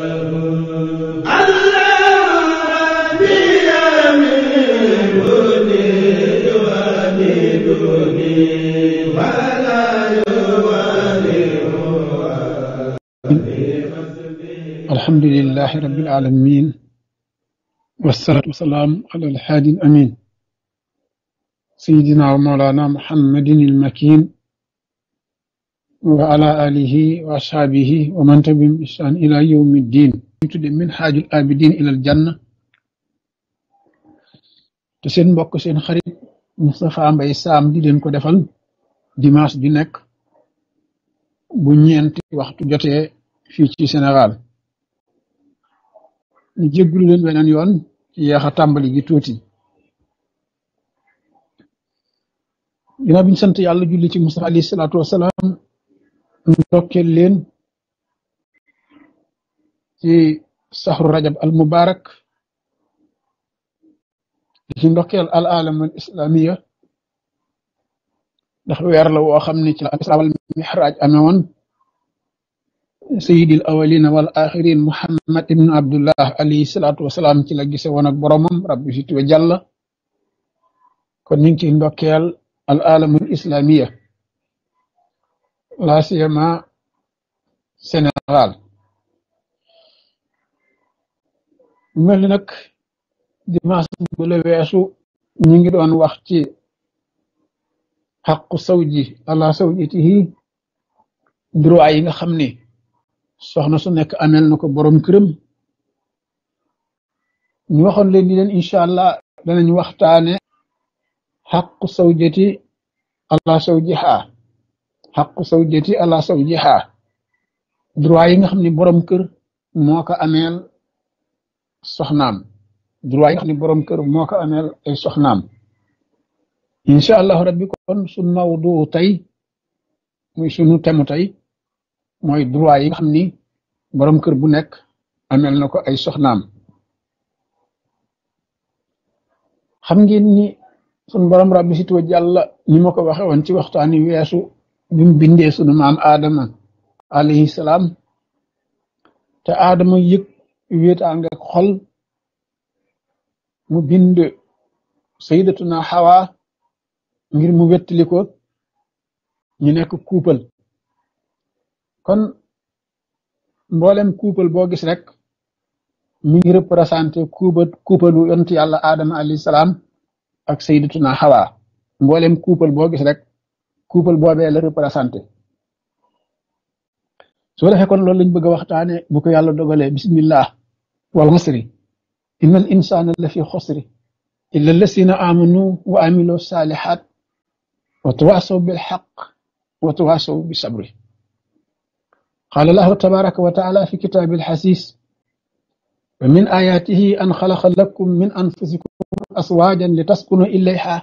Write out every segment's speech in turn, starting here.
الحمد لله رب العالمين والصلاة والسلام على الحادي الأمين سيدنا ومولانا محمد المكين wa ala alihi wa ashaabihi wa man tabi'ahum bi ihsaan ila yawmi diin ñu tudde minhaajul aabidiin ilal janna te seen mbokk seen xarit Moustapha Mbaye Sam di leen ko defal dimanche ju nekk bu ñeent waxtu jote fii ci Sénégal ñu jéggulu leen beneen yoon ci yéex a tàmbali gi tuuti ginnaaw bi ñu sant yàlla julli ci Musaa alayhi salaatu wasalaam ndokkeel leen ci saxru rajab al mubarak ci ndokkeel al alam al islamiya ndax weer la woo xam ne ci la islam al mihraj amee woon sayidil awalina wal axirin muhammad ibnu abdullah alayhi salaatu wasalaam ci la gise woon ak boromam rabbi si tuwa jàlla kon ñu ngi ciy ndokkeel al alam al islamiya la siyama Sénégal mel ni nag dimanche weesu ñi ngi doon wax ci xaqu sawji ala sawjatihi droit yi nga xam ni soxna su nekk amel na ko borom këram ñu waxoon leen di leen incha allah danañ waxtaane xaqu sawjati ala sawjiha haqqu sawjati ala sawjiha droit yi nga xamni borom kër moko amel soxnam droit yi nga xamni borom kër moko amel ay soxnam insha allah rabbi kon sun mawdu tay muy sunu temu tay moy droit yi nga xamni borom kër bu nek amel nako ay soxnam xam ngeen ni sun borom rabbi situ jalla ni mako waxe won ci waxtani wessu bi mu bindee sunu maam Adama alayhi salaam te Adama yëg wéetaange ak xol mu bind na Hawa ngir mu wettali ko ñu nekk kuupal kon mboolem kuupal boo gis rek mi ngi représenté kuubal kuupalu yontu yàlla Adama alayhi salaam ak na xawa mboolem kuupal boo gis rek. couple bobé la représenter soo defee kon lolou lañ bëgg waxtane bu ko yàlla dogalé bismillah wal xasri innal insana la fi xosri illa allatheena amanu wa amilu salihat wa tawasaw bil haqq wa tawasaw bi sabri قال الله تبارك وتعالى في كتاب الحسيس ومن آياته أن خلق لكم من أنفسكم أزواجا لتسكنوا إليها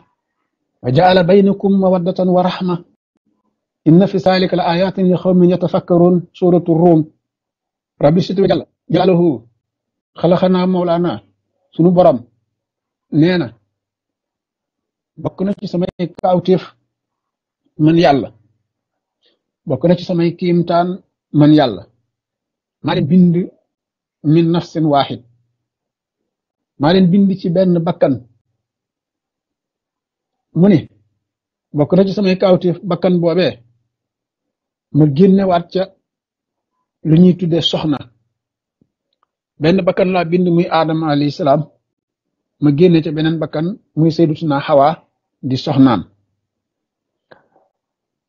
وجعل بينكم مودة ورحمة إن في ذلك الآيات لقوم يتفكرون سورة الروم ربي ستر جعله خلقنا مولانا سنو برام نينا بكنا في سماي كاوتيف من يالا بكنا في سماي كيمتان من يالا مالي بند من نفس واحد مالي بند بن بكن muni ni bokk na ci samay kawti bakkan boobee ma wat ca lu ñuy tuddé soxna benn bakkan la bind muy adam alayhi salam ma génne ca benen bakkan muy sayyidatuna hawa di soxnaam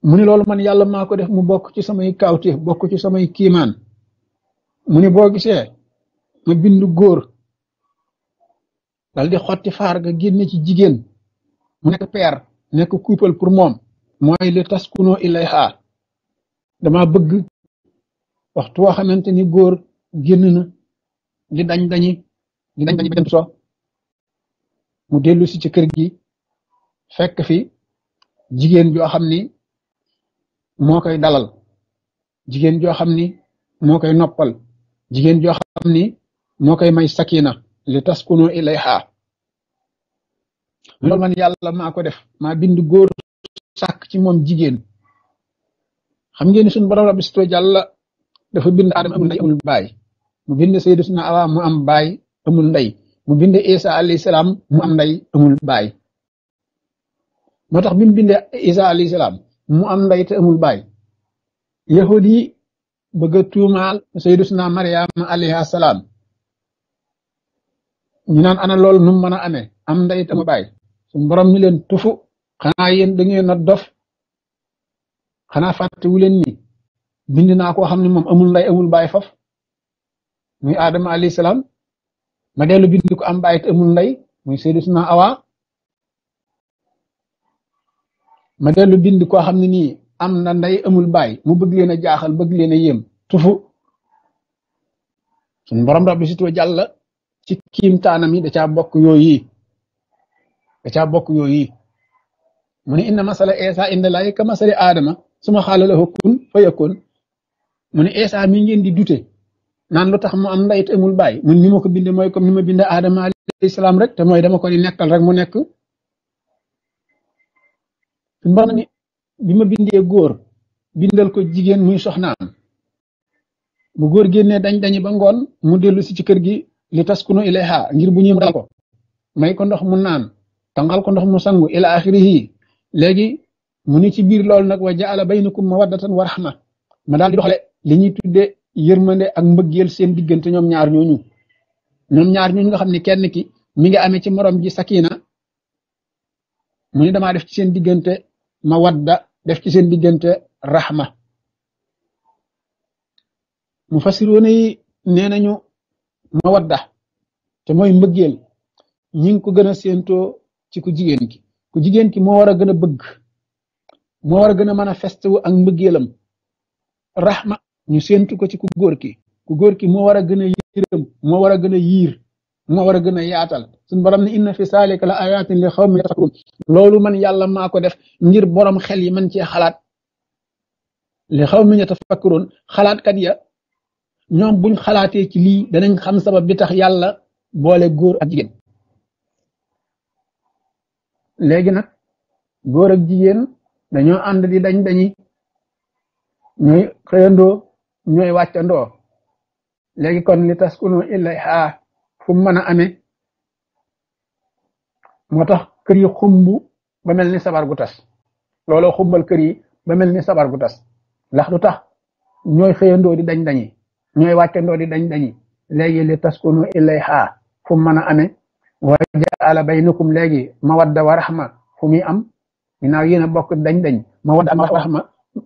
mu ni loolu man yàlla maa ko def mu bokk ci samay kawti bokk ci samay kiimaan muni boo gisee ma bind góor dal di xotti faar ga génne ci jigéen nek père nek couple pour mom moy li taskuno ilayha dama bëgg waxtu wo xamanteni goor genn na di dañ dañi di dañ dañi dem so mu delu ci ci kër gi fekk fi jigen jo xamni mo koy dalal jigen jo xamni mo koy noppal jigen jo xamni mo koy may sakina li taskuno ilayha loolu man yàlla maa ko def maa bind góor jigéen xam ngeen ni suñu borom rabbi dafa bind aadama baay mu bind sayyidina awa mu am baay amul ndey mu bind isa alayhi salaam moo tax bi mu bindee isa mu am ndey te amul baay yahud yi bëgg a tuumaal sayyidina mariama alayhi salaam ñu naan ana loolu nu mën a amee am ndey te amul suñu borom ni leen tufu xanaa yéen da ngeen dof xanaa fàttewu leen ni bind naa koo xam ne moom amul nday amul baay faf muy Adama alayhi salaam ma dellu bind ko amul nday muy Sayyidatuna Awa ma bind koo xam ne nii am na nday amul baay mu bëgg leen a jaaxal bëgg leen a yéem tufu suñ borom rabbi si jàll ci kiimtaanam yi da caa bokk yooyu da caa bokk yooyu mu ne inna masala Isa inda laahi ka masali Adama suma xaala lahu kun fa yakun mu ne mi ngeen di dute naan lu tax mu am ndey te amul baay mun ni ma ko bindee mooy comme ni ma bindee Adama alayhi salaam rek te mooy dama ko di nekkal rek mu nekk. mbar ni bi ma bindee góor bindal ko jigéen muy soxnaam bu góor génnee dañ dañi ba ngoon mu dellu si ci kër gi li taskunu ilayha ngir bu ñuy dal ko may ko ndox mu naan. tàngal ko ndox mu sangu ila axirihi léegi mu ni ci biir loolu nag wa jaala baynakum mawaddatan wa rahma ma daal di doxale li ñuy tuddee yërmande ak mbëggeel seen diggante ñoom ñaar ñooñu ñoom ñaar ñooñu nga xam ne kenn ki mi ngi amee ci moroom ji sakina mu ni damaa def ci seen diggante mawadda def ci seen diggante rahma mu fasiroona yi nee nañu mawadda te mooy mbëggeel ñi ko gën a séentoo ci ku jigéen ki ku jigéen ki moo war a gën a bëgg moo war a gën a manifesté wu ak mbëggeelam rahma ñu séentu ko ci ku góor ki ku góor ki moo war a gën a yërëm moo war a gën a yiir moo war a gën a yaatal suñ borom ne inna fi saalika la ayatin li xawmi yattaqun loolu man yàlla maa ko def ngir borom xel yi man cee xalaat li xawmi xalaat kat ya ñoom buñ xalaatee ci lii danañ xam sabab bi tax yàlla boole góor ak jigéen léegi nag góor ak jigéen dañoo ànd di dañ dañi ñooy xëyandoo ñooy wàccandoo léegi kon li taskunu ilayha fu mu mën a amee moo tax kër yi xumb ba mel ni sabar gu tas looloo xumbal kër yi ba mel ni sabar gu tas ndax du tax ñooy xëyandoo di dañ dañi ñooy wàccandoo di dañ dañi léegi li taskunu ilayha fu mu mën a amee wa jaala baynakum léegi mawadda wa rahma fu muy am ginnaaw yéen a bokk dañ-dañ mawadda ak rahma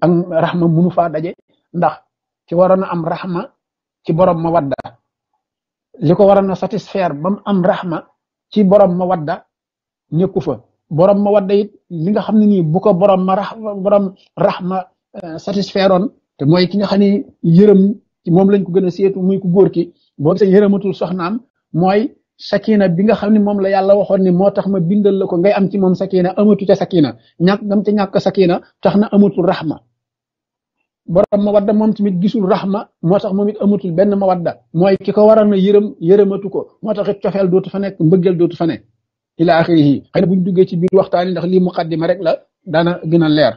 ak rahma munu fa daje ndax ci waroon a am rahma ci borom mawadda li ko waroon a satisfaire ba mu am rahma ci borom mawadda ñëkku fa borom mawadda it li nga xam ne nii bu ko borom ma rahma borom rahma euh, satisfaire oon te mooy ki nga xam yërëm moom lañ ko gën a seetu muy ku góor ki boo gisee soxnaam mooy. sakina bi nga xamni mom la yàlla waxon ni motax ma bindal lako ngay am ci mom sakina amatu ci sakina ñak dam ci ñak sakina taxna amatu rahma borom ma wadda mom timit gisul rahma motax momit moom it amatul benn ma wadda moy kiko warana waroon a ko motax tax it dootu fa nek mbeugel dootu fa nek ila akhirih xeyna buñ duggé ci biir waxtani ndax li muqaddima rek la dana gëna leer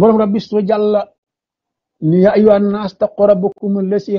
borom rabbi su jàlla ni ya ayyuhan nas taqrabukum allasi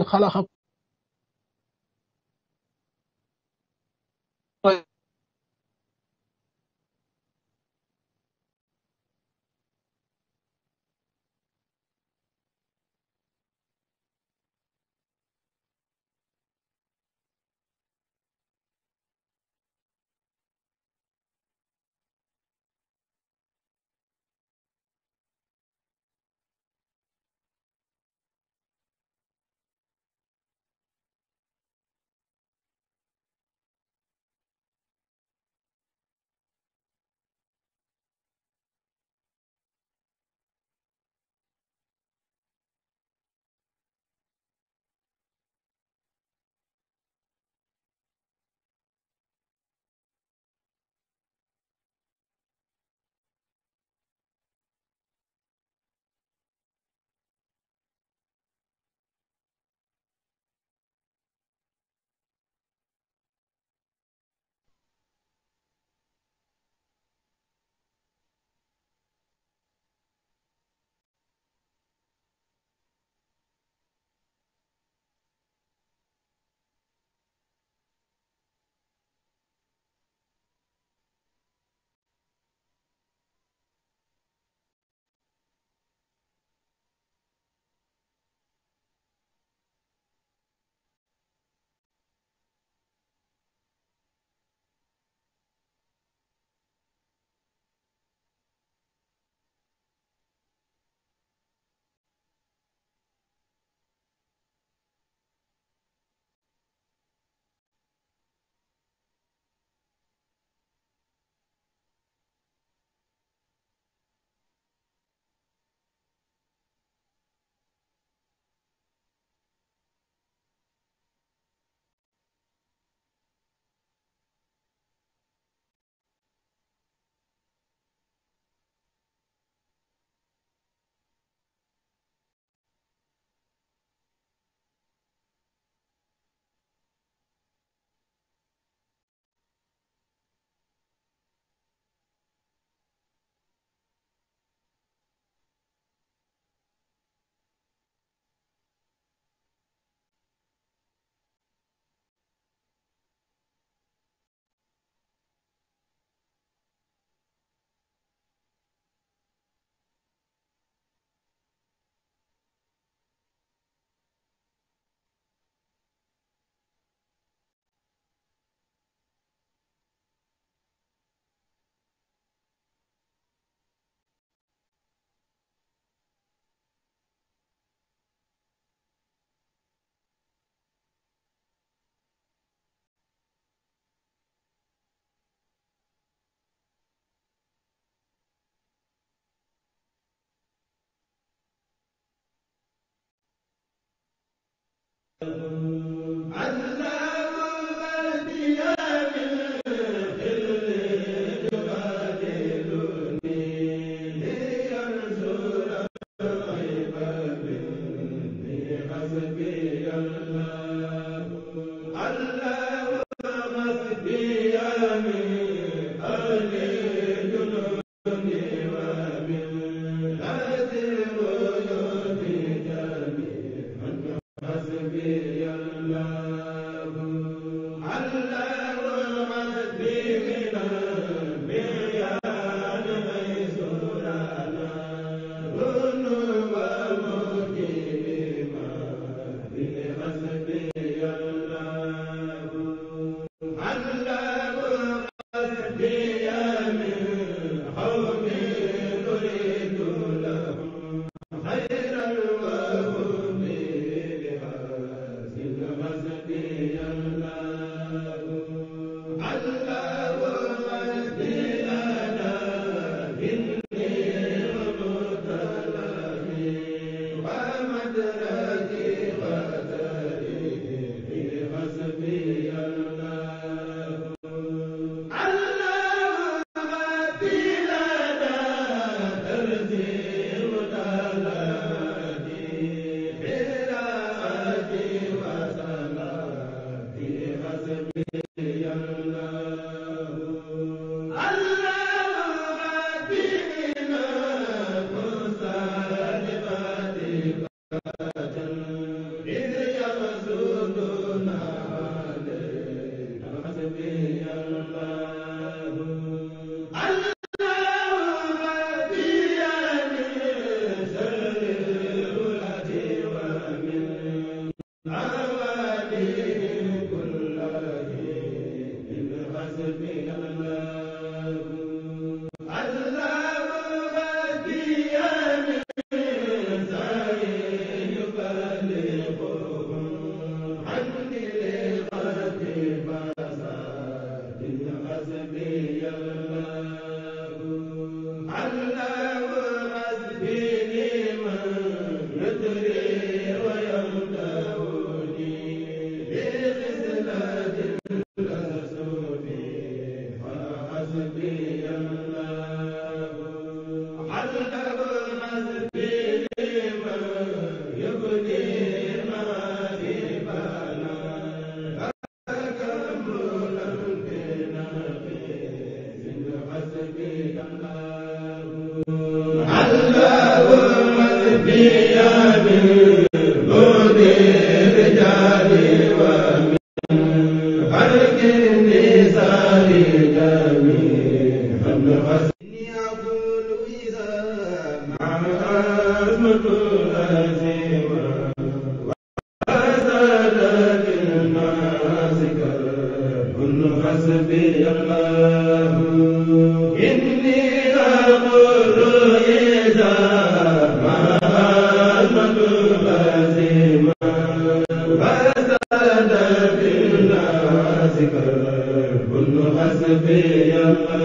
ذكر كل حسب يما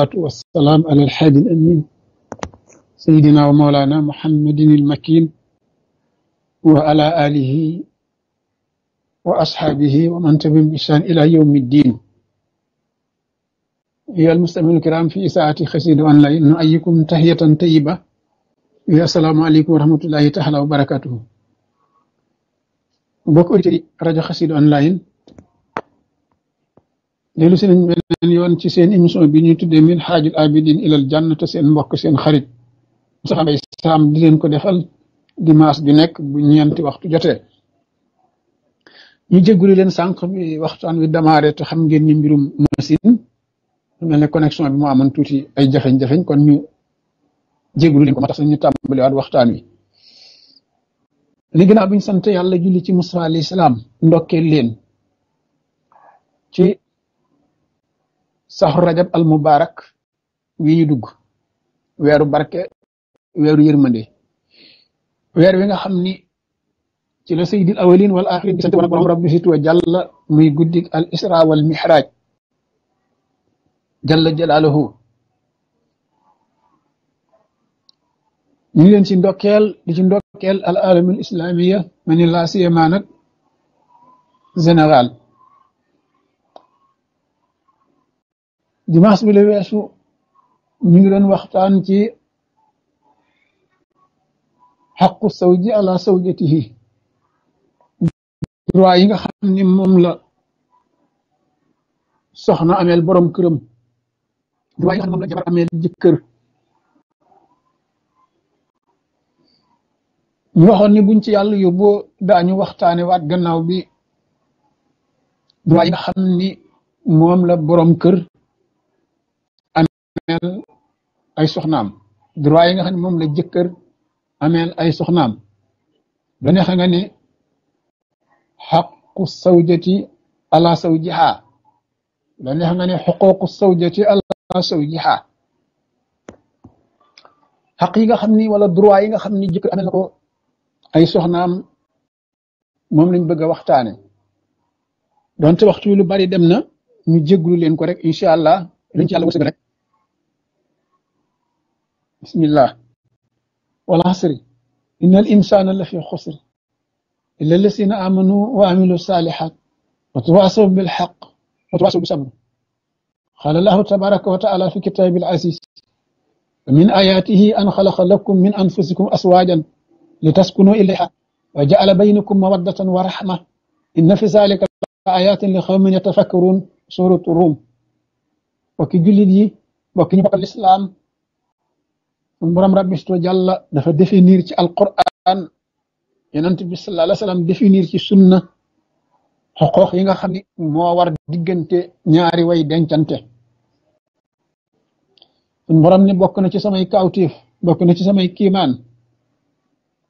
والصلاة والسلام على الحادي الأمين سيدنا ومولانا محمد المكين وعلى آله وأصحابه ومن تبعهم بإحسان إلى يوم الدين يا المستمعين الكرام في ساعة خسيد أن لا نؤيكم تهية طيبة يا السلام عليكم ورحمة الله تعالى وبركاته بكرة رجع خسيد rajo xasid dellu si nañ yoon ci seen émission bi ñuy tuddee min xaajul abidin ilal jànn ta seen mbokk seen xarit Moustapha Mbaye Sam di leen ko defal dimanche bi nekk bu ñeenti waxtu jotee ñu jégguli leen sànq waxtaan wi démarré te xam ngeen ni mbirum machine mel ne connexion bi moo amoon tuuti ay jafeñ-jafeñ kon ñu jéggulu leen ko ma tax ñu tàmbaliwaat waxtaan wi li ginnaaw bi ñu sant yàlla julli ci Moustapha alayhi salaam ndokkeel leen ci saxu rajab al mubarak wi ñu dugg weeru barke weeru yërmande weer wi nga xam ni ci la sayyidil awalin wal axirin sant woon ak rabbi situ jàlla muy guddik al isra wal mihraj jalla jalaaluhu ñu leen ci ndokkeel di ci ndokkeel al alamul islamiya mani laa siyama nag général dimas bi le wessu ñu ngi doon waxtaan ci xaqu sawji ala sawjatihi droit yi nga xam ni moom la soxna amel borom këram droit yi nga xam moom la jabar amel jëkkër ñu waxoon ni buñ ci yàlla yóbboo daañu waxtaane waat gannaaw bi droit yi nga xam ni moom la borom kër ameel ay soxnaam droit yi nga xam ne moom la jëkkër ameel ay soxnaam ba neex nga ne xaqu sawjati ala sawjiha la neex nga ne xuququ sawjati ala sawjiha xaq yi nga xam ni wala droit yi nga xam ni jëkkër ameel ko soxnaam moom lañ bëgg a waxtaane donte waxtu lu bari dem na ñu jégglu leen ko rek incha allah liñ ci بسم الله والعصر إن الإنسان لفي خسر إلا الذين آمنوا وعملوا الصالحات وتواصوا بالحق وتواصوا بالصبر قال الله تبارك وتعالى في كتاب العزيز ومن آياته أن خلق لكم من أنفسكم أسواجا لتسكنوا إليها وجعل بينكم مودة ورحمة إن في ذلك آيات لقوم يتفكرون سورة الروم وكي جلدي وكي mbokk ñu borom rabbi sto jalla dafa définir ci alquran yonent bi sallallahu alayhi wasallam définir ci sunna xoxox yi nga xamni mo war diggante ñaari way dencante sun borom ni bokk na ci samay kawtif bokk na ci samay kiman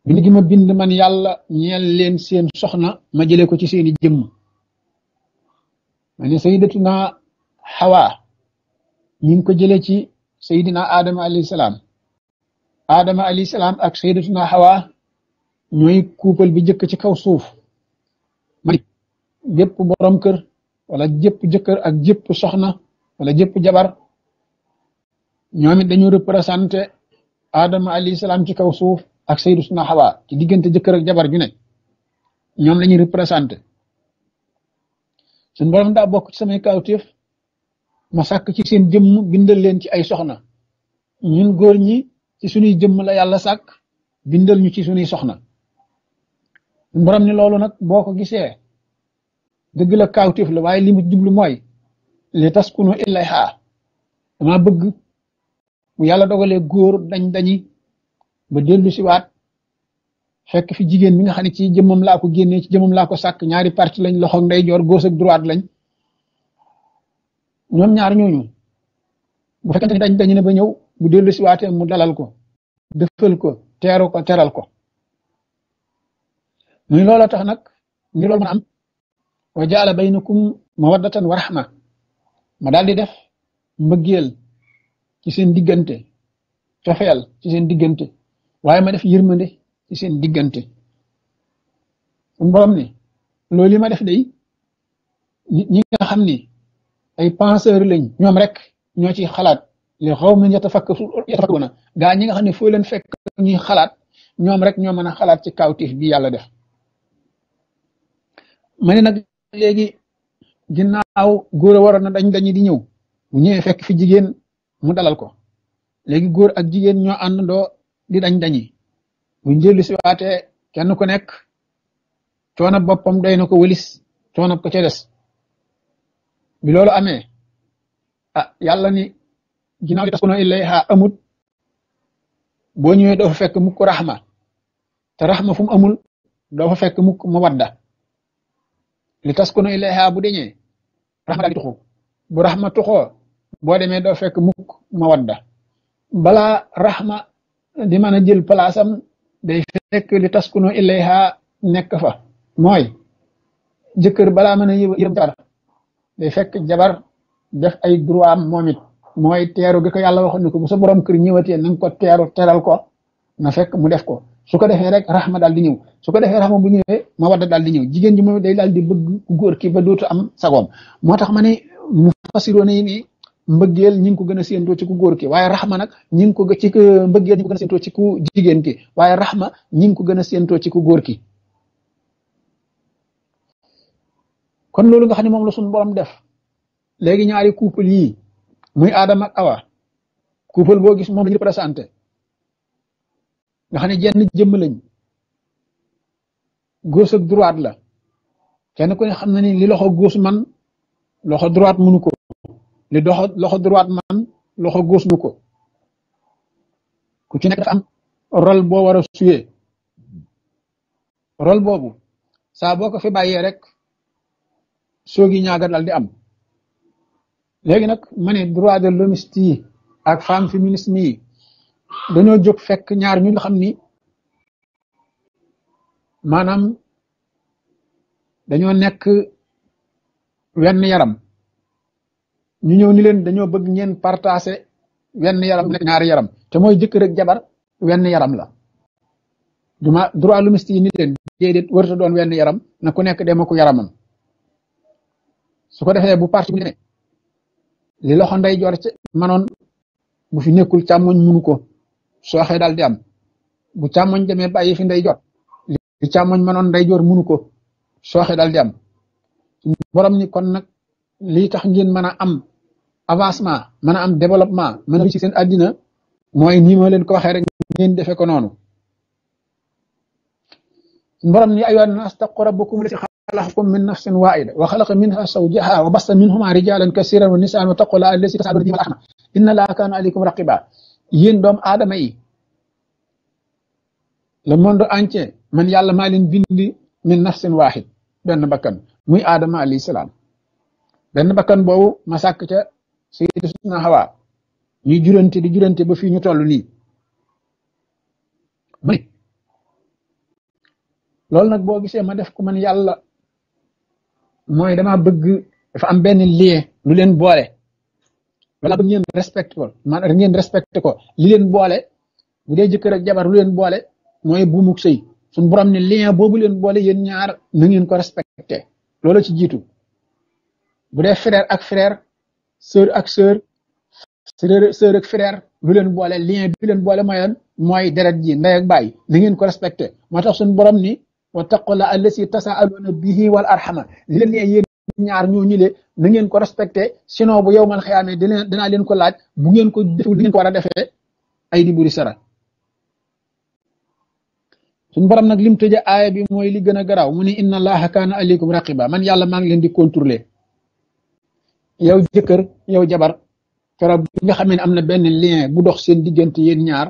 bi ni gima bind man yalla ñeel leen seen soxna ma jële ko ci seen jëm sayyidatuna hawa ñing ko ci sayyidina adam alayhi salam Adama alayhi salaam ak sayyidatuna Hawa ñooy kuupal bi jëkk ci kaw suuf ma jëpp kër wala jëpp jëkkër ak jëpp soxna wala jëpp jabar ñoom it dañu représenté Adama alayhi salaam ci kaw suuf ak sayyidatuna Hawa ci diggante jëkkër ak jabar ju ne ñoom la ñuy représenté borom daa bokk ci samay kawtéef ma sàkk ci seen jëmm bindal leen ci ay soxna ñun góor ñi. ci suñuy jëmm la yàlla sàkk bindal ñu ci suñuy soxna borom ni loolu nag boo ko gisee dëgg la kaawteef la waaye limu mu jublu mooy li taskunu ilayha dama bëgg bu yàlla dogalee góor dañ dañi ba dellu si waat fekk fi jigéen bi nga xam ne ci jëmmam laa ko génnee ci jëmmam laa ko sàkk ñaari parti lañ loxo nday joor gauche ak droite lañ ñoom ñaar ñooñu bu fekkente ne dañ dañu ne ba ñëw mu dellu si mu dalal ko dëfal ko teeru ko teral ko muy loola tax nag ngir loolu mën a am wa jaala baynakum mawaddatan wa ma daal di def mbëggeel ci seen diggante cofeel ci seen diggante waaye ma def yërmande ci seen diggante suñu borom ni loolu li ma def day nit ñi nga xam ni ay penseur lañ ñoom rek ñoo ciy xalaat li qawmin yatafakkaruna gaa ñi nga xam ne foo leen fekk ñuy xalaat ñoom rek ñoo mën a xalaat ci kawtif bi yàlla def ma ne nag léegi ginnaaw góor a waroon na dañ dañu di ñëw bu ñëwee fekk fi jigéen mu dalal ko léegi góor ak jigéen ñoo àndandoo di dañ dañi mu njëlli si waatee kenn ku nekk coono boppam doy na ko wëlis coono ko ca des bi ginnaaw li taskunu ilayha amut boo ñëwee doo fa fekk mukk raxma te raxma fu mu amul doo fa fekk mukk mawadda li taskunu ilayha bu deñee raxma daal di tuxu bu raxma tuxoo boo demee doo fekk mukk mawadda bala raxma di mën a jël palaasam day fekk li taskunu ilayha nekk fa mooy jëkkër balaa mën a yërëm jabar day fekk jabar def ay droit am moom mooy teeru gi ko yàlla waxoon ne ko bu sa borom kër ñëwatee na nga ko teeru teral ko na fekk mu def ko su ko defee rek rahma daal di ñëw su ko defee rahma bu ñëwee ma wadda daal di ñëw jigéen ji moom day daal di bëgg ku ki ba dootu am sagom. moo tax ma ne mu fasiroo ne ni mbëggeel ñi ngi ko gën a séentoo ci ku góor ki waaye rahma nag ñi ngi ko ci mbëggeel ñi ko gën a séentoo ci ku jigéen ki waaye rahma ñi ngi ko gën a ci ku góor ki kon loolu nga xam ne moom la suñu borom def léegi ñaari couple yii muy Adama awa ku couple boo gis moom la ñu représenté nga xam ne jenn jëmm lañ gauche ak droite la kenn ku ne xam na ni li loxo gauche man loxo droite mënu ko li loxo droite man loxo gauche mënu ko ku ci nekk dafa am bo boo war a boobu saa boo ko fi bàyyee rek soogi ñaaga dal di am. légui nak mané droit de l'homme ak femme féministe ni dañu jóg fekk ñaar ñu nga xam ni maanaam dañoo nekk wenn yaram ñu ñew ni leen dañu bëgg ñeen partager wenn yaram nekk ñaar yaram té moy jëk rek jabar wenn yaram la duma droit lumisti yi ni leen déedéet warta doon wenn yaram na ku nekk dema ko yaramam su ko défé bu parti bu li loxo nday joor ci manoon bu fi nekkul càmmoñ munu ko sooxee daal di am bu càmmoñ demee bàyyi fi nday jot li càmmoñ manoon nday joor munu ko sooxee daal di am borom ni kon nag lii tax ngeen mën a am avancement mën a am développement mën a ci seen àddina mooy nii ma leen ko waxee rek ngeen defee ko noonu borom ni ayoon naas taqu rabbakum خلقكم من نفس واحدة وخلق منها زوجها وبص منهما رجالا كثيرا ونساء واتقوا الله الذي تساءلون به والأرحام إن الله كان عليكم رقيبا yéen doomu aadama yi le monde entier man yàlla maa leen bindi min nafsin waahid benn bakkan muy aadama alayhi salaam benn bakkan boobu ma sàkk ca sayyidatuna Hawa ñuy jurante di jurante ba fii ñu toll nii loolu nag boo gisee ma def ko man yàlla mooy damaa bëgg dafa am benn lien lu leen boole wala bëgg ngeen respecté ko maanaam ngeen respecté ko li leen boole bu dee jëkkër ak jabar lu leen boole mooy buumuk sëy suñ borom ni lien boobu leen boole yéen ñaar na ngeen ko respecté loolu ci jiitu bu dee frère ak frère sœur ak sœur sœur ak frère lu leen boole lien bi leen boole mayoon mooy deret ji ndey ak baay na ngeen ko respecté moo tax suñ borom ni wattaqu la allasi tasaaluna bihi wal arhama leen ne yéen ñaar ñoo ñile na ngeen ko respecté sinon bu yow man xëyaamee dina dinaa leen ko laaj bu ngeen ko deful ngeen ko war a defee ay di buri sara suñ borom nag lim tëje aaya bi mooy li gën a garaaw mu ne inna allaha kaana aleykum raqiba man yàlla maa ngi leen di contrôler yow jëkkër yow jabar fera bi nga xamee ne am na benn lien bu dox seen diggante yéen ñaar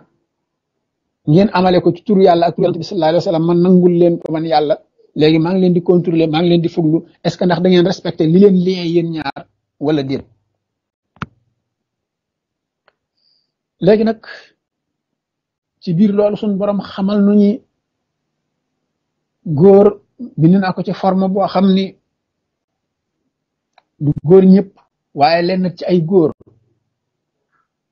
ngeen amale ko ci turu yalla ak yalla bi sallallahu alayhi wasallam man nangul len ko man yalla legi ma ngi len di contrôler ma ngi len di fuglu est ce ndax da ngeen respecter li len lien yeen ñaar wala dir legi nak ci lu loolu sun borom xamal nu ñi gor bi ñu nako ci forme bo xamni du gor ñëpp waye len ci ay gor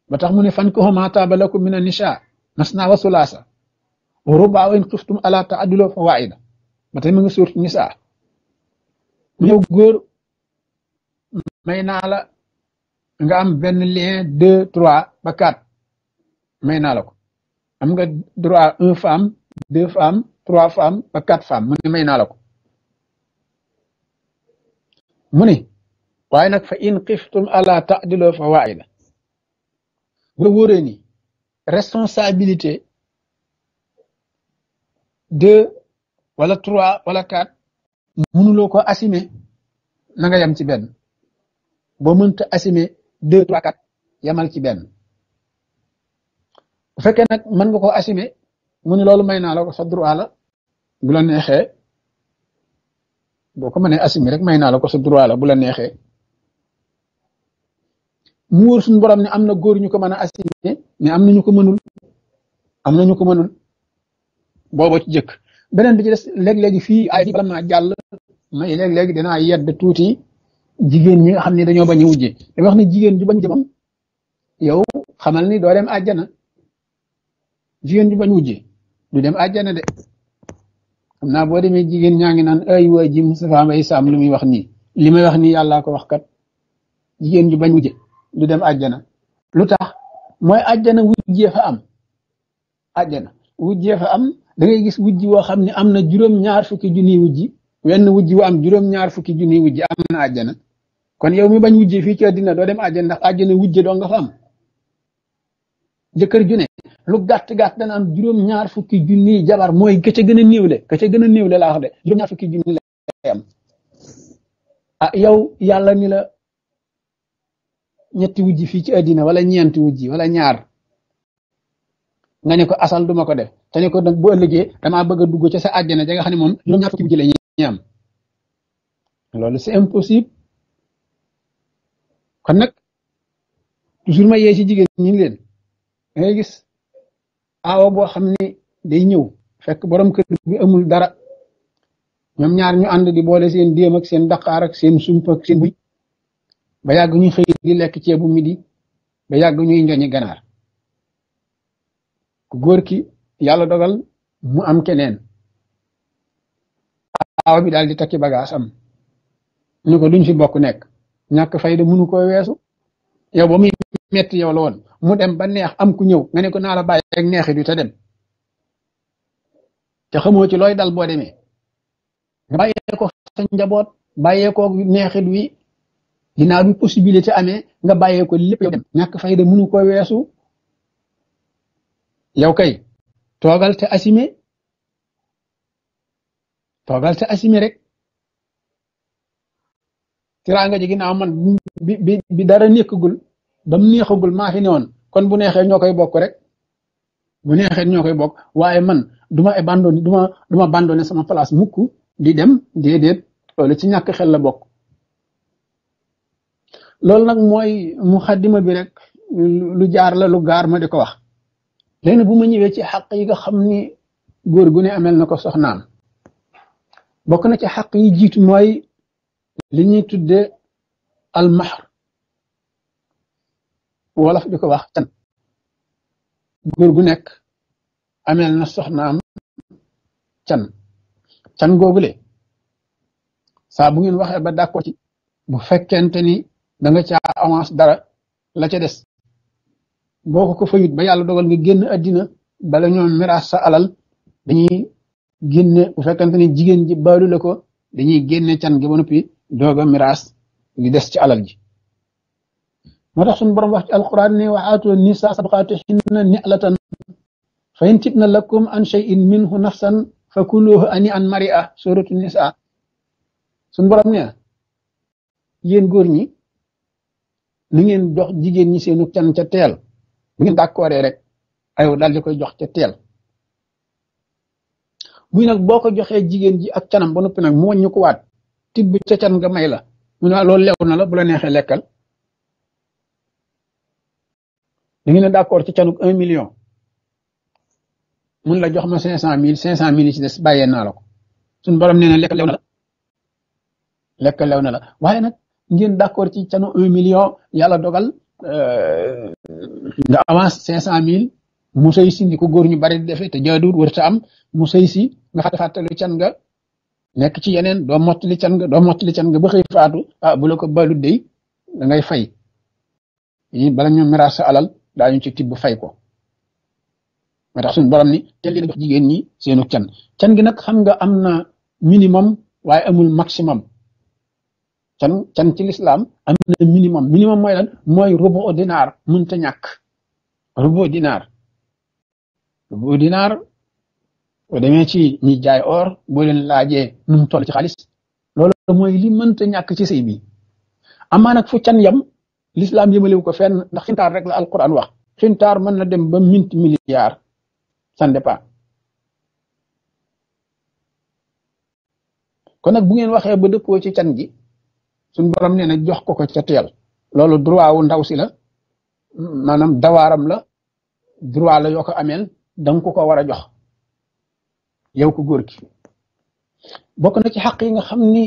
ba tax mu ne fan ko lakum min an nisaa masna wa sulaasa wa rubaa wa in xiftum alaa taadilu fa waahida ba tey ma ngi suur nisaa ku yow góor may naa nga am benn lien deux trois ba quatre may ko am nga droit un femme deux femmes trois femmes ba quatre femmes mu ne may mu ne waaye nag fa in xiftum alaa taadilu fa waahida bu la wóoree responsabilité de wala trois wala quatre mënuloo ko assumer na nga yam ci benn boo mënta assumer deux trois quatre yamal ci ben bu fekke nak mën nga ko assumer mënu lolu mayna may la ko sa droit la bu la nexé boko ko assumer rek mayna naa la ko sa droit la bu la nexé mu wóor suñu borom ne am na góor ñu ko mën a assimilé mais am na ñu ko mënul am na ko mënul booba ci jëkk beneen bi ci des léeg-léegi fii ay bala maa jàll may léeg-léegi dinaa yedd tuuti jigéen ñi xam ne dañoo bañ a wujje wax ne jigéen ju bañ jëmam yow xamal ni doo dem àjjana jigéen ju bañ wujje du dem àjjana de xam naa boo demee jigéen ñaa ngi naan ay waa ji Moustapha Sam lu muy wax nii li may wax nii yàllaa ko wax kat jigéen ju bañ wujje du dem àjjana lu tax mooy àjjana wujjee fa am àjjana wujjee fa am da ngay gis wujji woo xam ne am na juróom-ñaar fukki junniy wujji wenn am juróom fukki junniy wujji am na àjjana kon yow mi bañ wujje fii ci àddina doo dem àjjana ndax àjjana wujje doo nga fa am jëkkër ju ne lu gàtt gàtt dana am juróom-ñaar fukki junniy jabar mooy ka ca gën a néewle ka ca gën a néewle laa wax de juróom-ñaar fukki junniy ah, la am yàlla ni la ñetti wujji fi ci adina wala ñeenti wujji wala ñaar nga ne ko asal duma ko def te ne ko nag bu ëllëgee dama bëgg a dugg ca sa àjjana ja nga xam ne moom lu ñaar fukki la ñuy am loolu c'est impossible kon nag toujours ma yee ci jigéen ñi leen da ngay gis aawa boo xam ne day ñëw fekk borom kër bi amul dara ñoom ñaar ñu ànd di boole seen diem ak seen daqaar ak seen sumpa ak seen buy ba yàgg ñuy xëy di lekk ceebu midi ba yàgg ñuy njañi ganaar ku góor ki yàlla dogal mu am keneen aaw bi daal di takki bagage am ñu ko duñ fi bokk nekk ñàkk fayda mënu ko weesu yow ba muy metti yow la woon mu dem ba neex am ku ñëw nga ne ko naa la bàyyi ak neexi du dem te xamoo ci looy dal boo demee nga bàyyee ko sa njaboot bàyyee ko neexit wi dina bi possibilité amé nga bayé ko lepp yow dem ñàkk fayda mënu ko weesu yow kay togal té assimé togal té assimé rek tiranga ji ginaaw man bi bi bi dara nekkul bam neexagul ma fi newoon kon bu neexee ñokay bok rek bu neexee ñokay bok bokk man duma abandonné duma duma abandonné sama place mukk di dem déedéet loolu ci ñak xel la bok loolu nag mooy muxaddima bi rek lu jaar la lu gaar ma di ko wax léegi bu ma ñëwee ci xaq yi nga xam ni góor gu ne amel na ko soxnaam bokk na ci xaq yi jiitu mooy li ñuy tuddee almaxr wolof di ko wax can góor gu nekk ameel na soxnaam can can googule saa bu ngeen waxee ba dàkkoo ci bu fekkente ni da nga caa dara la ca des boo ko ko ba yàlla dogal nga génn àddina bala ñoom miraas sa alal dañuy génne bu fekkante ne jigéen ji baalu la ko dañuy génne can gi ba noppi doog a miraas des ci alal ji moo tax suñu borom wax ci alquran ne wa aatu nisa sadaqaatihinna ni'latan fa in tibna lakum an shay'in minhu nafsan fa kuluhu ani an maria suratu nisa suñu borom ne yéen góor ñi li ngeen jox jigéen ñi seenu can ca teel bu ngeen d'accordé rek ayo dal di koy jox ca teel muy nag boo ko joxee jigéen ji ak canam ba noppi nag mu wàññi ko waat tibb ca can nga may la mu ne loolu lew na la bu la neexee lekkal li ngeen d'accord ci canuk un million mun la jox ma cinq cent mille cinq cent mille ci des bàyyee naa la ko sun borom nee na lekk lew na la lekk lew na la waaye nag ngeen d'accord ci canu un million yàlla dogal euh, nga avance cinq cent mille mu sëy si ni ko góor ñu bari di defee te jaaduwul warta am mu sëy si nga fàtte fàttali can nga nekk ci yeneen doo mottali can nga doo mottali can nga ba xëy faatu ah bu ko balu dey da ngay fay ñun bala ñu miraas sa alal daañu ci tibb fay ko ma tax suñu borom ni teel leen jigéen ñi seenu can can gi nag xam nga am na minimum waaye amul maximum. can can ci lislaam am na minimum minimum mooy lan mooy rubu dinaar mënta ñàkk rubu dinaar rubu dinaar boo demee ci ñi jaay or boo leen laajee nu mu toll ci xaalis loolu mooy li mënta ñàkk ci say bi amaa nag fu can yam lislaam yëmalewu ko fenn ndax xintaar rek la alquran wax xintaar mën na dem ba minti milliard ça kon nag bu ngeen waxee ba dëppoo ci can gi suñ borom neena jox ko ko ca teel loolu droit wu ndaw si la maanaam dawaaram la droit la yoo ko ameel danga ko ko war a jox yow ko góor ki bokk na ci xaq yi nga xam ni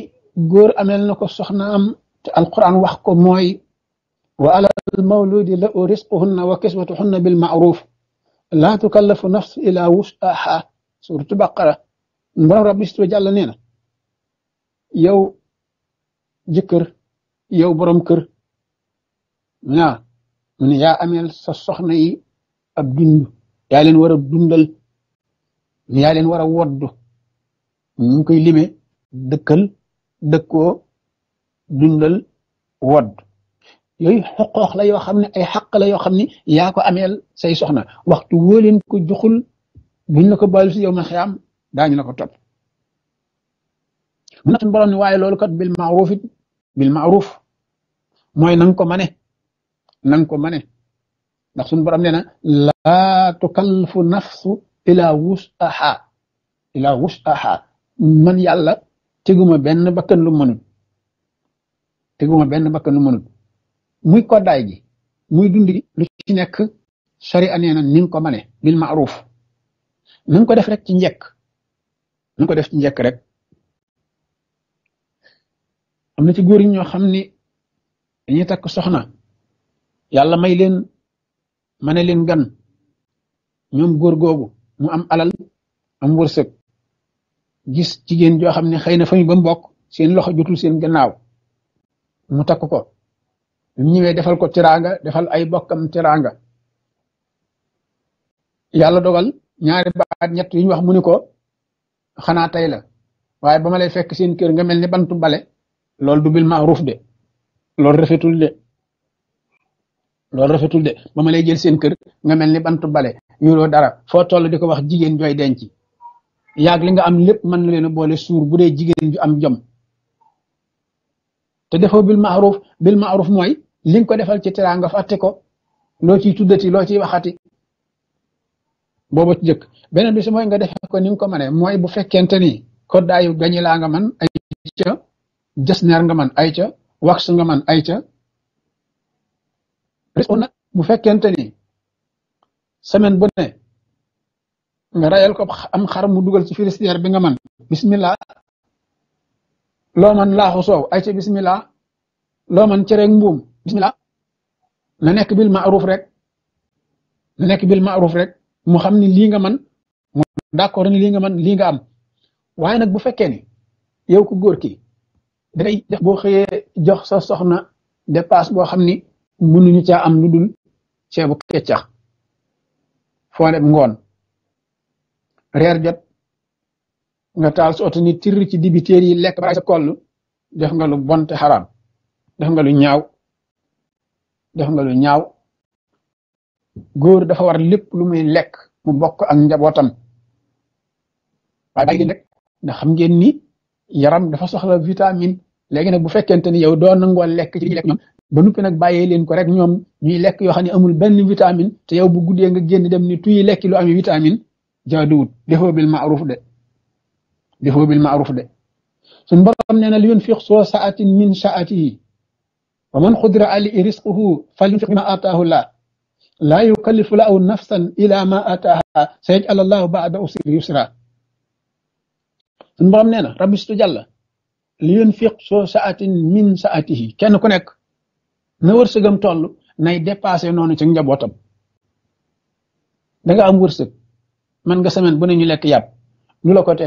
góor ameel na ko soxnaam te alquran wax ko mooy wa ala almawludi la u risquhunna wa kiswatuhunna bil ma'ruf laa tukallafu nafs ila wus'aha suratu baqara borom rabbi si jàll nee na yow jëkkër yow borom kër mu ne mu ne yaa ameel sa soxna yi ab dund yaa leen war a dundal yaa leen war a woddu ñu koy lime dëkkal dëkkoo dundal wodd yooyu xoqoox la yoo xam ne ay xaq la yoo xam ne yaa ko ameel say soxna waxtu woo leen ko joxul buñ la ko bàyyi si yow ma xiyaam daañu la ko topp mu na suñ borom ni waaye loolu kat bil maaruf it bil ma'ruf mooy na nga ko mane na nga ko mane ndax suñu borom nee na laa tukallifu nafsu ilaa wus'aha ilaa wus'aha man yàlla teguma benn bakkan lu mënut teguma benn bakkan lu mënut muy koddaay gi muy dundi lu ci nekk sharia nee na ni ko mane bil ma'ruf na ko def rek ci njekk na ko def ci njekk rek am na ci góor ñoo xam ne dañuy takk soxna yàlla may leen ma ne leen gan ñoom góor googu mu am alal am wërsëg gis jigéen joo xam ne xëy na fa ñu ba mu seen loxo jotul seen gannaaw mu takk ko mu ñëwee defal ko teraanga defal ay bokkam teraanga yàlla dogal ñaari baat ñett yu ñu wax mu ni ko xanaa tey la waaye ba ma lay fekk seen kër nga mel ne bantu bale loolu du bil maaruf de loolu rafetul de loolu rafetul de ba ma lay jël seen kër nga mel ni bantu bale yuloo dara foo toll di ko wax jigéen jooy denc yaag li nga am lépp mën na a boole suur bu dee jigéen ju am jom te defoo bil maaruf bil maaruf mooy li ko defal ci teraanga fàtte ko loo ciy tuddati loo ciy waxati booba ci jëkk beneen bi si mooy nga defee ko ni nga ko mënee mooy bu fekkente ni ko daayu gañi laa nga man ay ñaar nga man ay ca wax nga man ay ca risque nak bu fekente ni semaine bu ne nga rayal ko am xar mu dugal ci filistière bi nga man bismillah lo man la soow ay ca bismillah lo man rek mbum bismillah na nek bil ma'ruf rek na nek bil ma'ruf rek mu xamni li nga man mu d'accord ni li nga man li nga am waye nak bu fekke ni yow ko gor ki day boo xëyee jox sa soxna dépasse boo xam ni mënuñu caa am lu dul ceebu keccax foo dem ngoon reer jot nga taal sa oto ni tirri ci dibiteer yi lekk ba sa def nga lu bonte xaraam def nga lu ñaaw def nga lu ñaaw góor dafa war lépp lu muy lekk mu bokk ak njabootam waaye rek ndax xam ngeen ni yaram dafa soxla vitamine léegi nak bu fekkente ni yow doo nangoo lek ci lek ñom ba nupi nak baye leen ko rek ñom ñuy lek yo xani amul ben vitamine te yow bu guddee nga génn dem ni tuyi lek lu am vitamine jaaduwut defo bil ma'ruf de defo bil ma'ruf de suñ borom neena li yunfiq so saatin min sha'atihi wa man xudira alayhi risquhu falyunfiq ma ataahu la la yukallifu lahu nafsan ila ma ataaha sayajal allahu ba'da usri yusra suñu borom nee na rabistu jàlla li yéen fiq soo saatin min saatihi kenn ku nekk na sëgam toll nay dépassé noonu ci njabootam da nga am wërsëg man nga semaine bu ne ñu lekk yàpp lu la ko te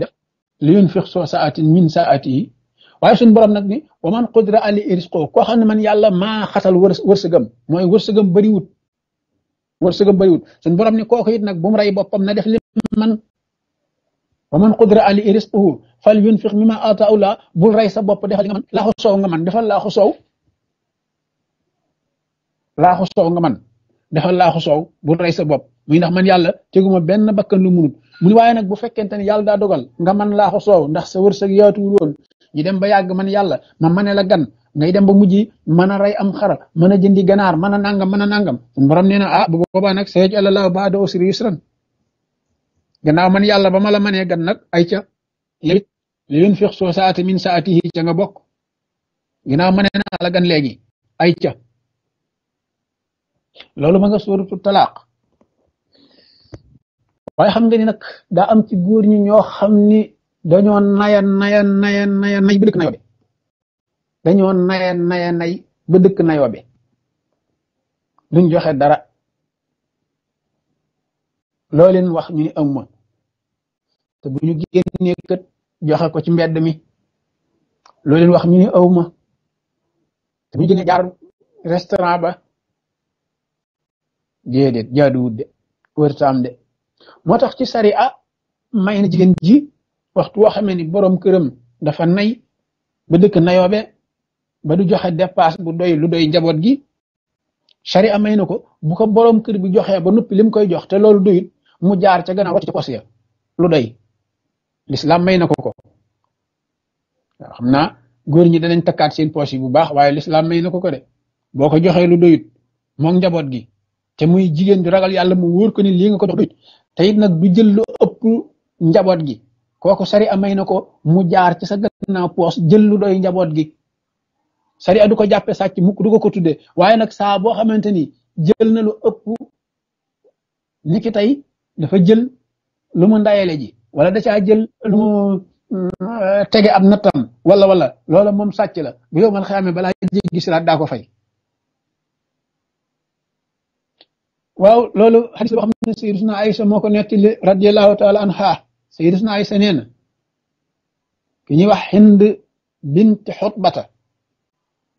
li yéen fiq soo saatin min saatihi waaye suñu borom nag ni wa man qudra ali irisqo koo xam ne man yàlla maa xatal wër wërsëgam mooy wërsëgam bëriwut wërsëgam bëriwut suñu borom ni kooku it nag bu mu rey boppam na def li man wa man qudra ali fal yunfiq mima ata ula bul ray sa bop defal nga man la xosow nga man defal la xosow la xosow nga man defal la xosow bul ray sa bop muy ndax man yàlla teguma ben bakkan lu munut mu ni waaye bu fekkente ne yàlla dogal nga man la ko ndax sa wursak yatu won ñi dem ba yag man yalla ma manela gan ngay dem ba mujji ray am xara jindi ganar nangam mana nangam sun borom neena ah bu boobaa nag allah alallahu baada usri yusran gannaaw man yàlla ba ma la mënee gan nag ay ca léegi li leen fex saati min nga bokk gannaaw mënee naa la gan léegi ay ca loolu ma nga sóoratu talaaq waaye xam nga ni nag daa am ci góor ñi ñoo xam ni dañoo naya naya naya naya nay ba dëkk nayoo bi dañoo naya naya nay ba dëkk nayo bi duñ joxe dara loo leen wax ñu ni am te bu ñu kët joxe ko ci mbedd mi loo leen wax ñu ni aw ma te bu ñu génnee jaar restaurant ba déedéet jaaduwut de wërtaam de moo tax ci sari sariya ah, may na jigéen ji waxtu woo xamee ni boroom këram dafa nay ba dëkk nayo nayoobe ba du joxe dépasse bu doy lu doy njaboot gi sariya may na ko bu ko boroom kër bi joxe ba noppi lim koy jox te loolu doyut mu jaar ca gannaaw wàcc ca pos lu doy lislaam may na ko ko waaw xam naa góor ñi danañ takkaat seen poche yi bu baax waaye lislaam may na ko ko de boo ko joxee lu doyut moom njaboot gi te muy jigéen du ragal yàlla mu wóor ko ni lii nga ko dox doyut nag du jël lu ëpp njaboot gi kooku sari a may na ko mu jaar ci sa gannaaw jël lu doy njaboot gi sari du ko jàppe sàcc mukk du ko ko tuddee waaye nag saa boo xamante ni jël na lu ëpp niki tey dafa jël lu mu ndayele ji wala de caa jël lu euh, tege ab nattam wala wala loola moom sàcc la bu yow man xamee balaa jéggi siraat daa ko waaw loolu xadis boo xam ne sayyidatuna Aysa moo ko nettali radiyallahu ki ñuy wax Hind bint Xutbata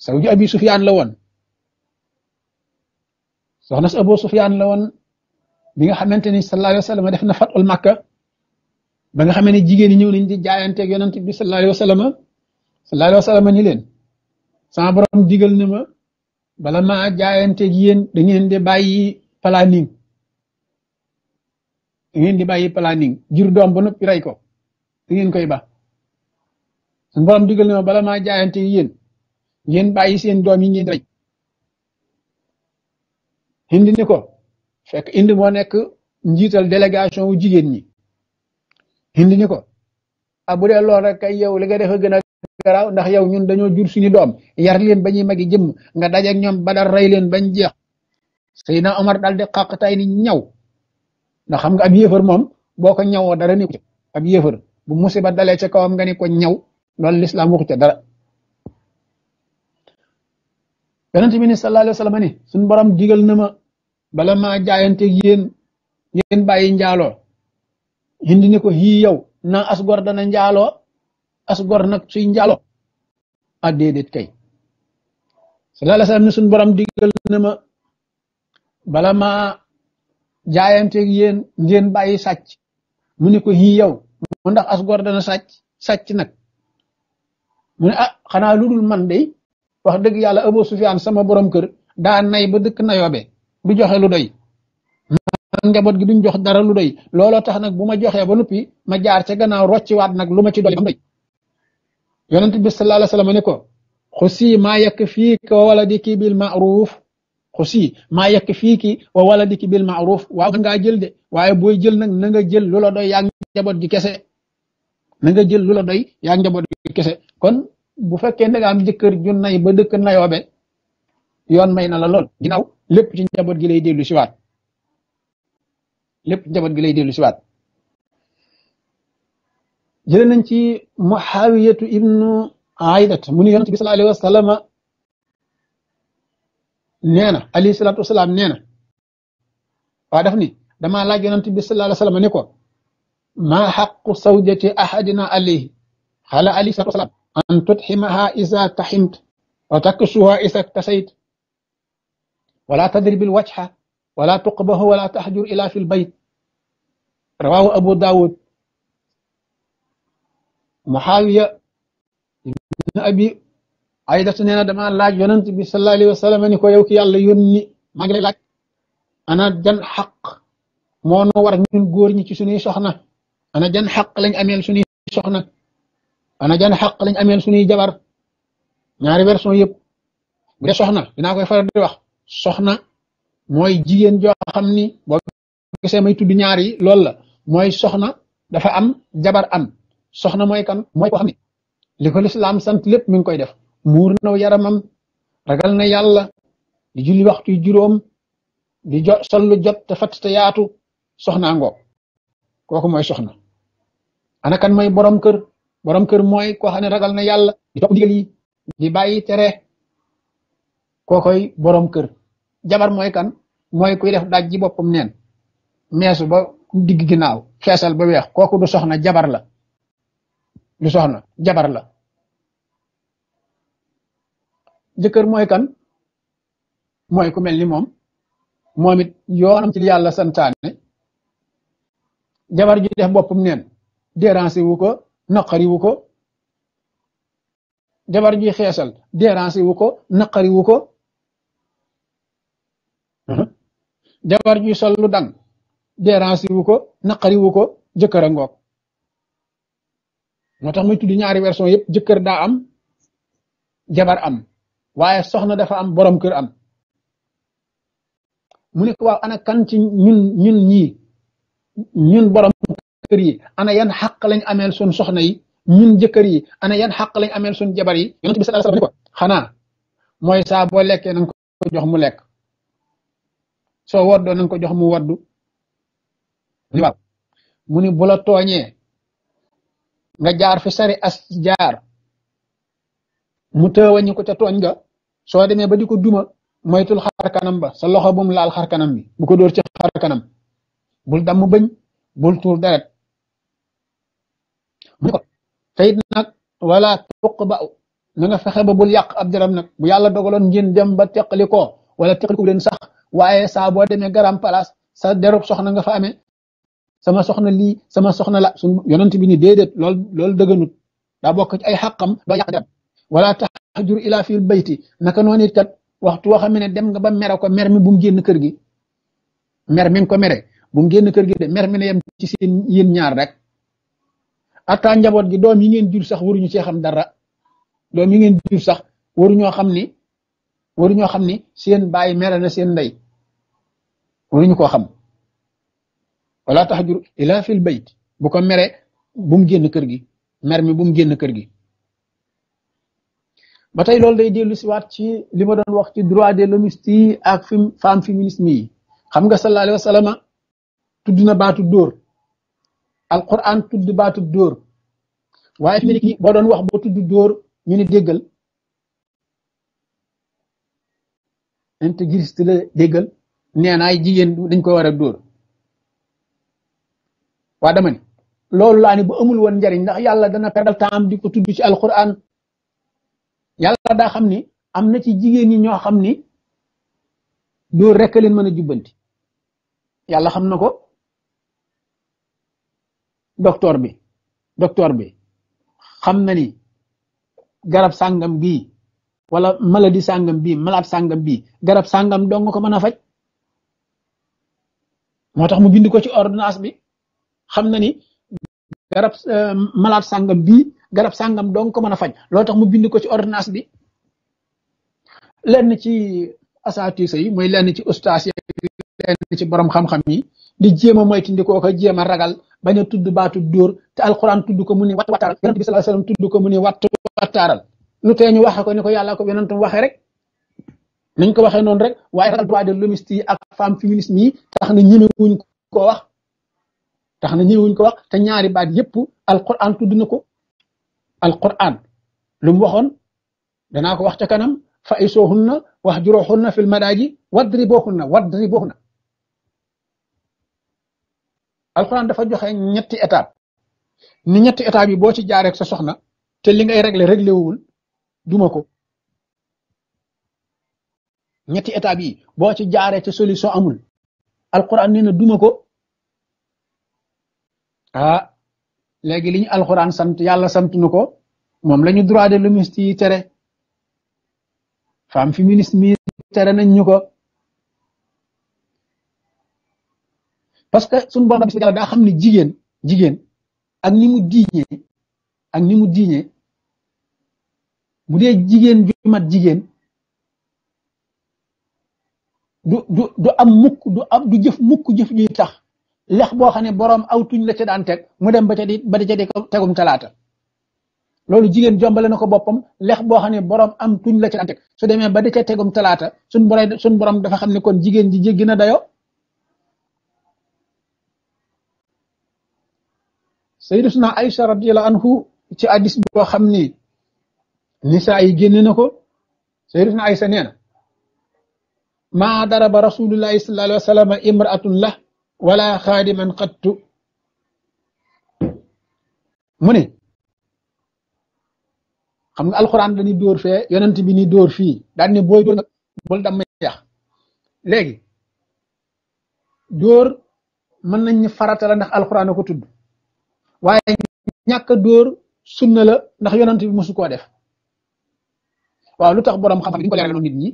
sawju Abi Sufyaan la woon soxna si Abu Sufyaan la woon bi nga xamante ni sallallahu alayhi wa def na fatul Makka ba nga xamee ne jigéen ñi ñëw nañ di jaayanteeg yonent bi sallallahu alayhi wa sallam sallallahu alayhi wa sallam ni leen sama borom digal ma bala maa jaayanteeg yéen da ngeen di bàyyi planning ngeen di bàyyi planning jur doom ba noppi rey ko da ngeen koy ba sama borom digal na ma bala maa jaayanteeg yéen ngeen bàyyi seen doom yi ngeen rey indi ni ko fekk indi moo nekk njiital délégation wu jigéen ñi hindi ni ko a ah, bu dee loolu rek kay yow li ga def a gën a garaaw ndax yow ñun dañoo jur suñu doom yar leen ba ñuy gi jëm nga dajeeg ñoom ba dal rey leen bañ jeex Seydina Omar daal di xàq tay ni ñaw ndax xam nga ab yéefar moom boo ko ñawoo dara ni ko ab yéefar bu musiba dalee ca kawam nga ni ko ñaw loolu lislaam waxu ca dara yonent bi ni sallallahu alayhi wa sallam ni borom digal na ma bala maa jaayanteeg yéen yéen bàyyi njaaloo hindi ne ko hii yow naa as gor dana njaaloo as gor nag suy njaaloo ah déedéet kay sallallahu alayhi wa suñu borom digal na ma bala ma jaayanteeg yéen ngeen bàyyi sàcc mu ne ko hii yow mu ndax as dana sàcc sàcc nag mu ne a ah, xanaa lu man de wax dëgg yàlla Abu Sufyaan sama borom kër daa nay ba dëkk nayoobe du joxe lu doy njaboot gi duñ jox dara lu doy looloo tax nag bu ma joxee ba noppi ma jaar ca gannaaw rocciwaat nag lu ma ci doy am doy yonent bi sallallahu alayhi ko xusi maa yekk fii ki wa waladiki bil ma'ruf xusi maa yekk fii ki wa waladiki bil ma'ruf waaw mën ngaa jël de waaye booy jël nag na nga jël lu la doy yaa njaboot gi kese na nga jël lu la doy yaa njaboot gi kese kon bu fekkee da nga am jëkkër ju nay ba dëkk nayoobe yoon may na la lool ginnaaw lépp ci njaboot gi lay dellu si waat lépp jabat gi lay delu ci wat jëlee nañ ci muhawiyatu ibnu aidat mu ni yonent bi sallallahu alayhi wasallam nee na alayhi salaatu wasalaam nee na daf ni dama laj yonent bi sallallahu alayhi wasallam ni ko maa xaqu sawjati ahadina alayhi xaala alayhi salaatu wasalaam an tutximaha iza tahimt wa takshuha iza tasayt ولا tadribil wajha ولا تقبه ولا تحجر إلا في البيت رواه أبو داود محاوية ابن أبي عيدة سنينة دماء الله جننت بي صلى الله عليه وسلم نكو يوكي الله يوني ما لك أنا جن حق مونو ور نين غور ني سوني سخنا انا جن حق لاني اميل سوني سخنا انا جن حق لاني اميل سوني جبار نياري فيرسون ييب بي سخنا دينا كاي فار دي واخ سخنا mooy jigéen joo xam ni boo gisee may tudd ñaar yi loolu la mooy soxna dafa am jabar am soxna mooy kan mooy koo xam ni li ko lislaam sant lépp mi ngi koy def muur naw yaramam ragal na yàlla di julli waxtu juróom di jo sol lu jot te fatt te yaatu soxnaa ngoog kooku mooy soxna ana kan mooy borom kër borom kër mooy ko xam ne ragal na yàlla di topp digal yi di bàyyi tere kookoy borom kër jabar mooy kan moy kuy def daj ji boppam neen meesu ba digg ginnaaw feesal ba weex kooku du soxna jabar la du soxna jabar la jëkkër mooy kan mooy ku mel ni moom moom it yoonam ci yàlla santaane jabar ju def boppam neen déranger wu ko naqari wu ko jabar juy xeesal déranger wu ko naqari wu ko jabar ju sol lu dang dérange wu ko naqari wu ko jëkkër a ngoog moo tax muy tudd ñaari version yëpp jëkkër daa am jabar am waaye soxna dafa am borom kër am mu ne ko waaw ana kan ci ñun ñun ñii ñun borom kër yi ana yan xaq lañ ameel suñ soxna yi ñun jëkkër yi ana yan xaq lañ ameel suñ jabar yi yonent bi ko xanaa mooy saa lekkee nañ ko jox mu lekk so waddo nang ko jox mu waddu libaal mu muni bu la toñe nga jaar fi sari as jaar mu ko ca toñ ga so deme ba di ko duma moytul xar kanam ba sa loxo bum laal xar kanam bi bu ko dor ci xar kanam bul dam bañ bul tur deret mu ko tayit nag wala tuqba nga fexeba bul yaq abdaram nak bu yalla dogalon ngeen dem ba wala teqali len sax waye ya sa bo demé garam place sa derub soxna nga fa amé sama soxna li sama soxna la sun yonent bi ni dedet lol lol dëgganut da bok ci ay haqam ba yaq dem wala tahjur ila fil bayti naka noonu kat waxtu woo xam dem nga ba mera ko mermi mi bu mu génn kër gi mer mi ko mere bu mu génn kër gi de mermi ne yem ci seen yeen ñaar rek atta njabot gi dom yi ngeen jur sax waruñu ci xam dara dom yi ngeen jur sax waruñoo waruñoo xam ni seen bàyyi mere na seen ndey waruñu koo xam wala tahjur ila fil bayt bu ko mere bu génn kër gi mer mi bu génn kër gi ba tey loolu day dellu si waat ci li ma doon wax ci droit de l'hommiste yi ak fi femme féminisme yi xam nga sallallahu alayhi wa tudd na baatu dóor alquran tudd baatu dóor waaye fi mu boo doon wax boo tudd dóor ñu ne déggal intégriste la déggal nee naay jigéen dañ ko war a dóor waa dama ni loolu laa ni bu amul woon njariñ ndax yàlla dana perdal temps am di ko tudd ci alquran yàlla daa xam ni am na ci jigéen ñi ñoo xam ni dóor rekk leen mën a jubbanti yàlla xam na ko docteur bi docteur bi xam na ni garab sàngam gi wala maladie sangam bi malade eh, sangam bi garab sangam dong ko mëna faj motax mu bind ko ci ordonnance bi xamna ni garab malade sangam bi garab sangam dong ko mëna faj tax mu bind ko ci ordonnance bi lenn ci asatisa yi moy lenn ci yi lenn ci borom xam xam yi di jema tindi ko jema ragal baña tuddu batu dur te alquran tuddu ko muni wat wataral yaronte bi sallallahu alaihi wasallam tuddu ko muni wat wataral lu tee wax waxe ko ni ko yàlla ko yonentam waxee rek nañ ko waxe noonu rek waaye ragal droit de l'homiste yi ak femme féminisme yi tax na ñemewuñ ko wax tax na ñemewuñ ko wax te ñaari baat yépp alquran tudd na ko alquran lu mu waxoon danaa ko wax ca kanam fa isoohunna wax juróoxunna fil madaaji wadribohunna wadribohunna alquran dafa joxe ñetti étape ni ñetti étape yi boo ci jaareek ak sa soxna te li ngay réglé réglé wul duma ko ñetti étape yi boo ci jaaree ci solution amul alquran ni na duma ko ah léegi li ñu alquran sant yàlla sant na ko moom la ñu droit de l'hommiste yi tere femme féministe mi tere nañ ñu ko parce que suñu borom yàlla daa xam ne jigéen jigéen ak ni mu diiñee ak ni mu diiñee bu dee jigéen ju mat jigéen du du du am mukk du am du jëf mukk jëf juy tax lex boo xam ne boroom aw tuñ la ca teg mu dem ba ca di ba ca di tegum talaata loolu jigéen jombale na ko boppam lex boo xam ne boroom am tuñ la ca daan teg su demee ba da ca tegum talaata suñ borom suñ borom dafa xam ne kon jigéen ji jéggi na dayo sayyidatuna Aïcha radiyallahu anhu ci hadis boo xam ni nisaa yi génne na ko sayyidatuna Aysa na maa daraba rasulullahi sallallahu alayhi wa sallam la wala xaadiman xattu mu ne xam nga alxuraan dañuy dóor fee yonent bi ni dóor fii daan ne booy dóor yax léegi dóor mën nañ ñu farata ndax alxuraan a ko tudd waaye ñàkk a dóor la ndax yonent bi mosu koo def waaw lu tax borom xam-xam yi duñ ko leeraloon nit ñi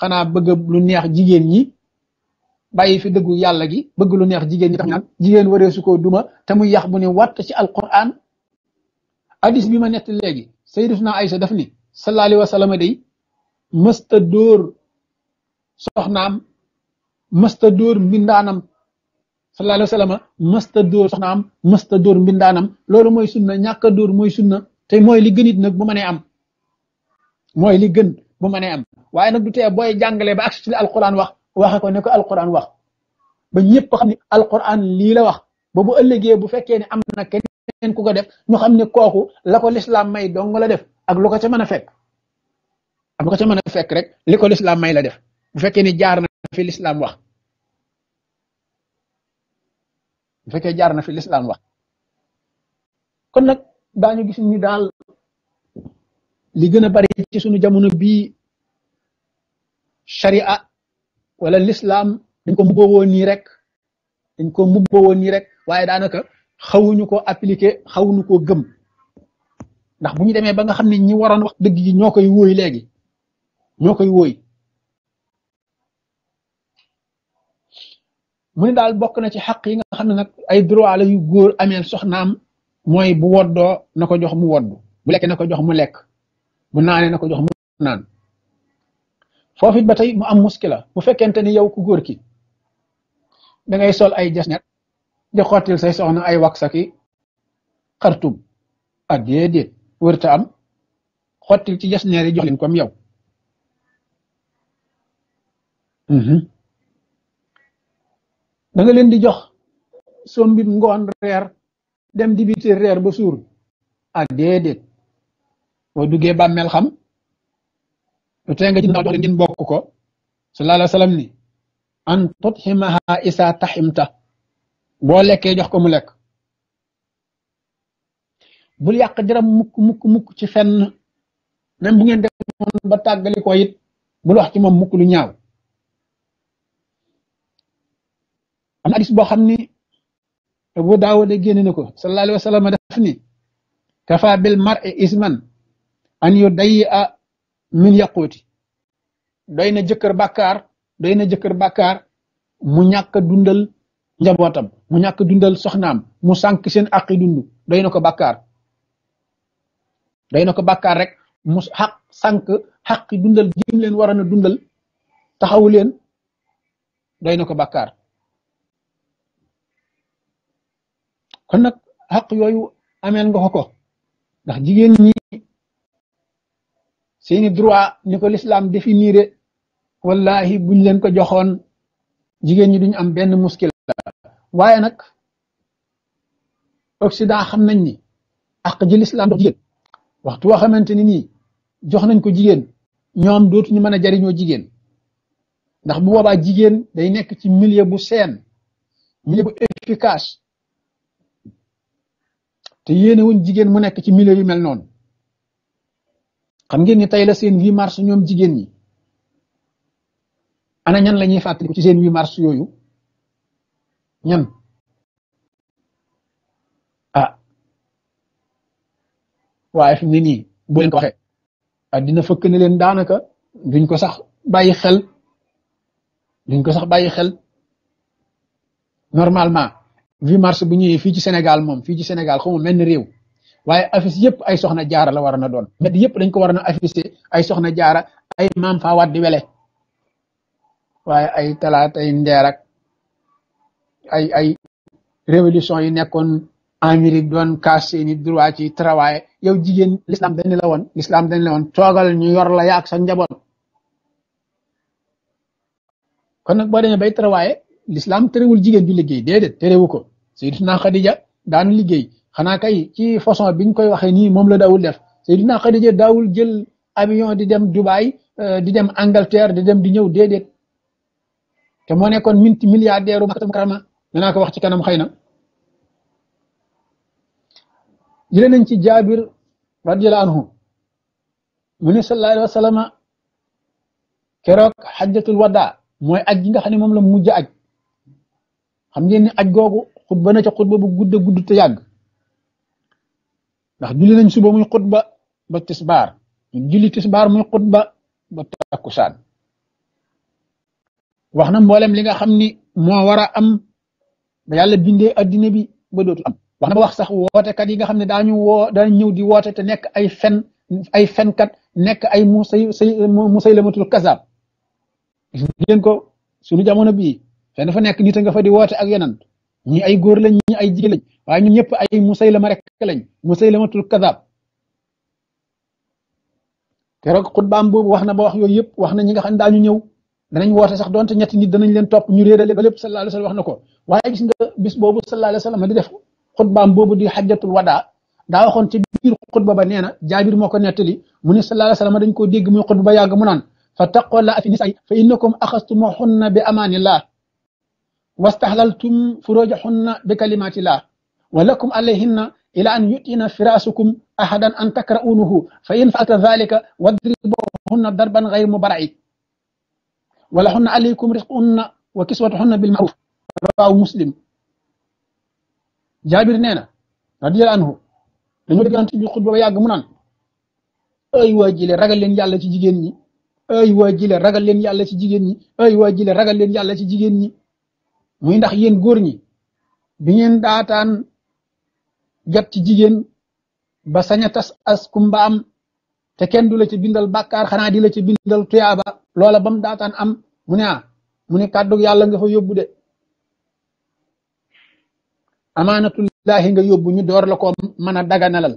xanaa bëgg lu neex jigéen ñi bàyyi fi dëggu yàlla gi bëgg lu neex jigéen ñi tax ñaan jigéen waree su ko duma te muy yàq bu ne wàtt ci alquran hadis bi ma nett léegi sayyidatuna Aïcha daf ni sallallahu alayhi wa sallam day mësta dóor soxnaam mësta dóor mbindaanam sallallahu alayhi wa sallam mësta dóor soxnaam mësta dóor mbindaanam loolu mooy sunna ñàkk a dóor mooy sunna te mooy li gënit nag bu mënee am mooy li gën bu mënee am waaye nag du tee booy jàngalee ba agsi ci li alquran wax waxe ko ne ko alquran wax ba ñëpp xam ne alquran lii la wax ba bu ëllëgee bu fekkee ne am na keneen ku ko def ñu xam ne kooku la ko lislaam may dong la def ak lu ko ca mën a fekk ak lu ko ca mën a fekk rek li ko lislaam may la def bu fekkee ne jaar na fi lislaam wax bu jaar na fi lislaam wax kon nag daañu gis ni daal li gëna bari ci suñu jamono bi sharia wala l'islam dañ ko mbubboo woon nii rek dañ ko mbubboo woon nii rek waaye daanaka xawuñu ko appliquer xawuñu ko gëm ndax buñu démé ba nga xamni ñi waroon wax dëgg ji ñokay woy légui ñokay woy koy wóoy mu ne daal bokk na ci xaq yi nga xamni nak ay droit la yu góor amel soxnam moy bu woddoo nako jox mu wodd bu lek nako jox mu lek bu naanee na ko jox mu naan foofu ba tey mu am muskila bu fekkente ni yow ku góor ki da sol ay jasnet di xottil say soxna ay wax saki xartum ah déedéet wërta am xottil ci jasneer yi jox leen comme yow mhm. da leen di jox sombit ngoon reer dem di biti reer ba suur ah déedéet Wadu duggé melham, xam lu tee nga ci ndaw ngeen bokk ko sallallahu alayhi wasallam an tuthimaha isa tahimta bo lekke jox ko mu lek bul yàq diram mukk mukk mukk ci fenn même bu ngeen demoon ba tagali ko yit bul wax ci mom mukk lu ñaaw am bo xamni Abu gene sallallahu alayhi wasallam daf ni kafa bil mar'i isman an yu day a min yàqooti doy na jëkkër bàkkaar doy na jëkkër bàkkaar mu ñàkk dundal njabootam mu ñàkk dundal soxnaam mu sànq seen àqi dund doy na ko bàkkaar doy na ko bàkkaar rek mu xaq sànq xaqi dundal jim leen waroon a dundal taxawu leen doy na ko bàkkaar kon nag xaq yooyu ameel ko ndax jigéen ñi seeni droit ni ko l'islam définir wallahi buñ leen ko joxoon jigéen ñi duñ am benn muskil waaye nag Occident xam nañ ni àq ji l'islam dox jigéen waxtu woo xamante ni nii jox nañ ko jigéen ñoom dootuñu mën a jariñoo jigéen ndax bu boobaa jigéen day nekk ci milieu bu seen milieu bu efficace te yéene wuñ jigéen mu nekk ci milieu yu mel noonu xam ngeen ni tey la seen 8 mars ñoom jigéen ñi ana ñan la ñuy ci seen 8 mars yooyu ñan ah waaye fi mu ne nii bu leen ko dina fëkk ne leen daanaka duñ ko sax bàyyi xel duñ ko sax bàyyi xel normalement 8 mars bu ñëwee fii ci Sénégal moom fii ci Sénégal xaw ma mel réew. waaye affiche yëpp ay soxna jaara la waroon a doon mbedd yëpp dañ ko waroon a afficher ay soxna jaara ay maam faa waat wele waaye ay talaata ay ndeer ay ay révolution yi nekkoon Amérique doon kaas seeni droit ci travail yow jigéen l'islam dañ la woon l'islam dañ la woon ñu yor la yaak sa njaboot kon nag boo demee bay travail l'islam terewul jigéen bi liggéey déedéet terewu ko Sayyidina Xadija daan liggéey xana kay ci façon biñ koy waxé ni mom la dawul def Seydina khadija dawul jël avion di dem Dubai di dem Angleterre di dem di ñëw déedéet te mo nekkon min milliardaire Makkatul karama danaa ko wax ci kanam xeyna jëlé nañ ci jabir radiyallahu anhu muni sallallahu alayhi wasallam kérok hajjatul wada moy aj gi nga xam mom la mujj aj xam ngeen ni aj googu khutba na ci khutba bu gudd gudd te yàgg ndax julli nañ suba muy khutba ba tisbar ñun julli tisbar muy khutba ba takusan waxna na li nga xamni mo wara am ba yalla bindé adina bi ba dootu am waxna wax sax kat yi nga xamni dañu wo dañ ñew di wote te nek ay fen ay kat nek ay musay musay lamatul kasab ngeen ko suñu jamono bi fen fa nek nit nga fa di wote ak yenen ñi ay goor lañ ñi ay jigéen lañ waaye ñun ñëpp ay musaylama rek lañ musaylamatul kadab keroog xutbaam boobu wax na ba wax yooyu yëpp wax na ñi nga xam daañu ñëw danañ woote sax donte ñetti nit danañ leen topp ñu réerale ba lépp sallallahu alayhi wasallam wax na ko waaye gis nga bis boobu sallallahu alayhi wasallam di def xutbaam boobu di xajjatul wadaa daa waxoon ci biir xutba ba nee na jaabir moo ko nettali mu ne sallallahu alayhi wasallam dañ koo dégg muy xutba ba yàgg mu naan fa taqola fi nisaay fa innakum axastumuhunna bi amaanillah wastahlaltum furujaxunna bi kalimatillah ولكم عليهن إلى أن يؤتين فراسكم أحدا أن تكرؤونه فإن فعلت ذلك واضربوهن ضربا غير مبرع ولهن عليكم رزقهن وكسوتهن بالمعروف رواه مسلم jaabir nee na radiyallahu anhu dañoo dégg yonent bi xutba ba yàgg mu naan ay waa jile ragal leen yàlla ci jigéen ñi ay waa jile ragal leen yàlla ci jigéen ñi ay waa jile ragal leen yàlla ci jigéen ñi muy ndax yéen góor ñi bi ngeen daataan jot ci jigen ba saña tas as kumba am te kenn dula ci bindal bakar xana di la ci bindal tuyaaba lola bam daatan am mu ah, muni kaddu yalla nga fa yobbu de amanatullahi nga yobbu ñu door la ko mën daganalal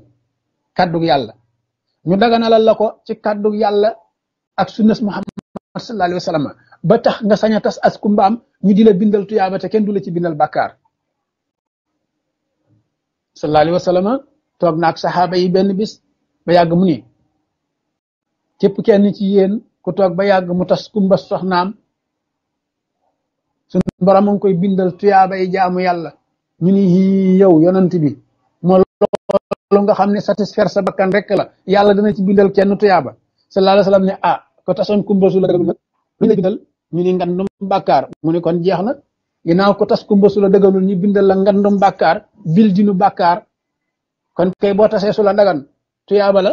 kaddu yalla ñu daganalal la ko ci kaddu yalla ak sunnas muhammad sallallahu alaihi wasallam ba tax nga saña tas as kumbam, ñu di bindal tuyaaba te kenn dula ci bindal bakar sallallahu alayhi wa toog na ak saxaaba yi benn bis ba yàgg mu ni képp kenn ci yéen ku toog ba yàgg mu tas kumba soxnaam sunu borom mu ngi koy bindal tuyaaba yi jaamu yàlla ñu ni yow yonant bi moo nga xam ne satisfaire sa bakkan rek la yàlla dana ci bindal kenn tuyaaba sallallahu alayhi ne ah, ko tasoon kumba su la lu ni ngan dum bàkkaar mu ni kon jeex na ginnaaw ko tas kumba su la dëgalul bindal la ngandum bàkkaar bil jinu bàkkaar kon kay boo tasee su la dagan tuyaaba la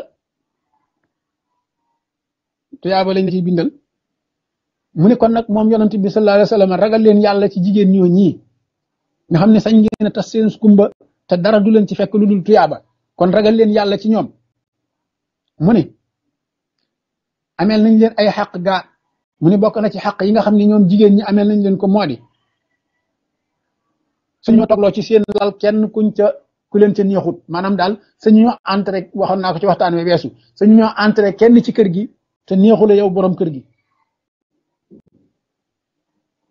tuyaaba lañ ci bindal mu ne kon nag moom yonent bi sallallahu alayhi wa sallam ragal leen yàlla ci jigéen ñoo ñii nga xam ne sañ ngeen a tas seen kumba te dara du leen ci fekk lu dul tuyaaba kon ragal leen yàlla ci ñoom mu ne ameel nañ leen ay xaq gaa mu ne bokk na ci xaq yi nga xam ne ñoom jigéen ñi ameel nañ leen ko moo di suñu ma toogloo ci seen lal kenn kuñ ca ku leen ca neexut maanaam daal suñu ñoo entré waxoon naa ko ci waxtaan wi weesu suñu ñoo entré kenn ci kër gi te neexula yow borom kër gi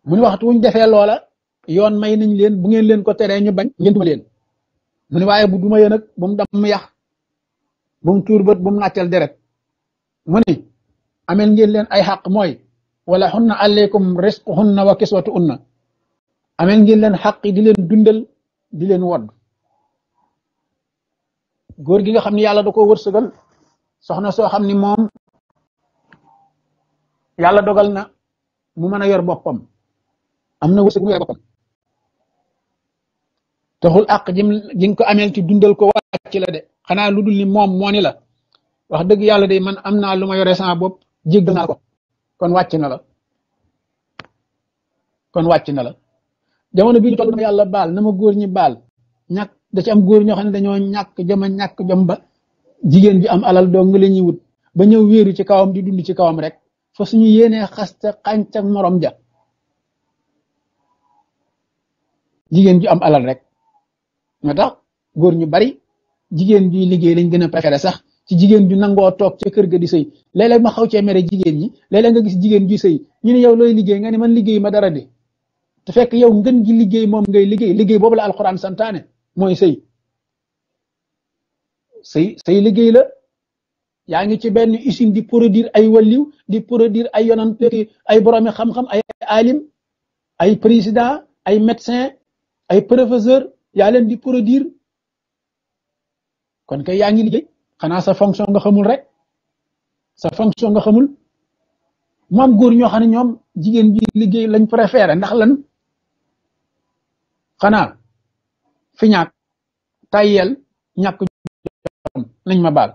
mu ne waxtu wuñ defee loola yoon may nañ leen bu ngeen leen ko teree ñu bañ ngeen duma leen mu ne waaye bu duma yéen nag bu mu dam yax bu mu bët bu mu nàccal deret mu ni amel ngeen leen ay xaq mooy wala xunna aleykum risquhunna wa na amel ngeen leen xaq di leen dundal di leen wodd góor gi nga xam ni yàlla da ko wërsëgal soxna soo xam ni moom yàlla dogal na mu mën a yor boppam am na wërsëg mu yor boppam taxul àq jim ji ko ameel ci dundal ko wàcc la de xanaa lu dul ni moom moo la wax dëgg yàlla de man am naa lu ma yore sama bopp jéggal naa ko kon wàcc na la kon wàcc na la jamono bii ñu toll yàlla baal na ma góor ñi baal ñàkk da ci am góor ñoo xam ne dañoo ñàkk joma ñàkk jom ba jigéen bi am alal dong la ñuy wut ba ñëw wéeru ci kawam di dund ci kawam rek fa suñu yéenee xaste xànc ak morom jigéen ju am alal rek moo tax góor ñu bari jigéen juy liggéey lañ gën a préféré sax ci jigéen ju nangoo toog ca kër ga di sëy léeg-léeg ma xaw cee mere jigéen ñi léeg-léeg nga gis jigéen ju sëy ñu ne yow looy liggéey nga ne man liggéey ma dara de تفك يو نغن جي ليغي موم غاي ليغي ليغي بوبو القران سانتاني موي سي سي سي ليغي لا ياغي تي بن اسين دي بروديير اي وليو دي بروديير اي يونان تي اي برومي خام خام اي عالم اي بريزيدان اي ميدسان اي بروفيسور يا لين دي بروديير كون كاي ياغي ليغي خنا سا فونكسيون غا خمول سا فونكسيون غا مام غور ньо خاني ньоم جيجين بي ليغي لا ญ xanaa fi tayel ñak jom lañ ma baal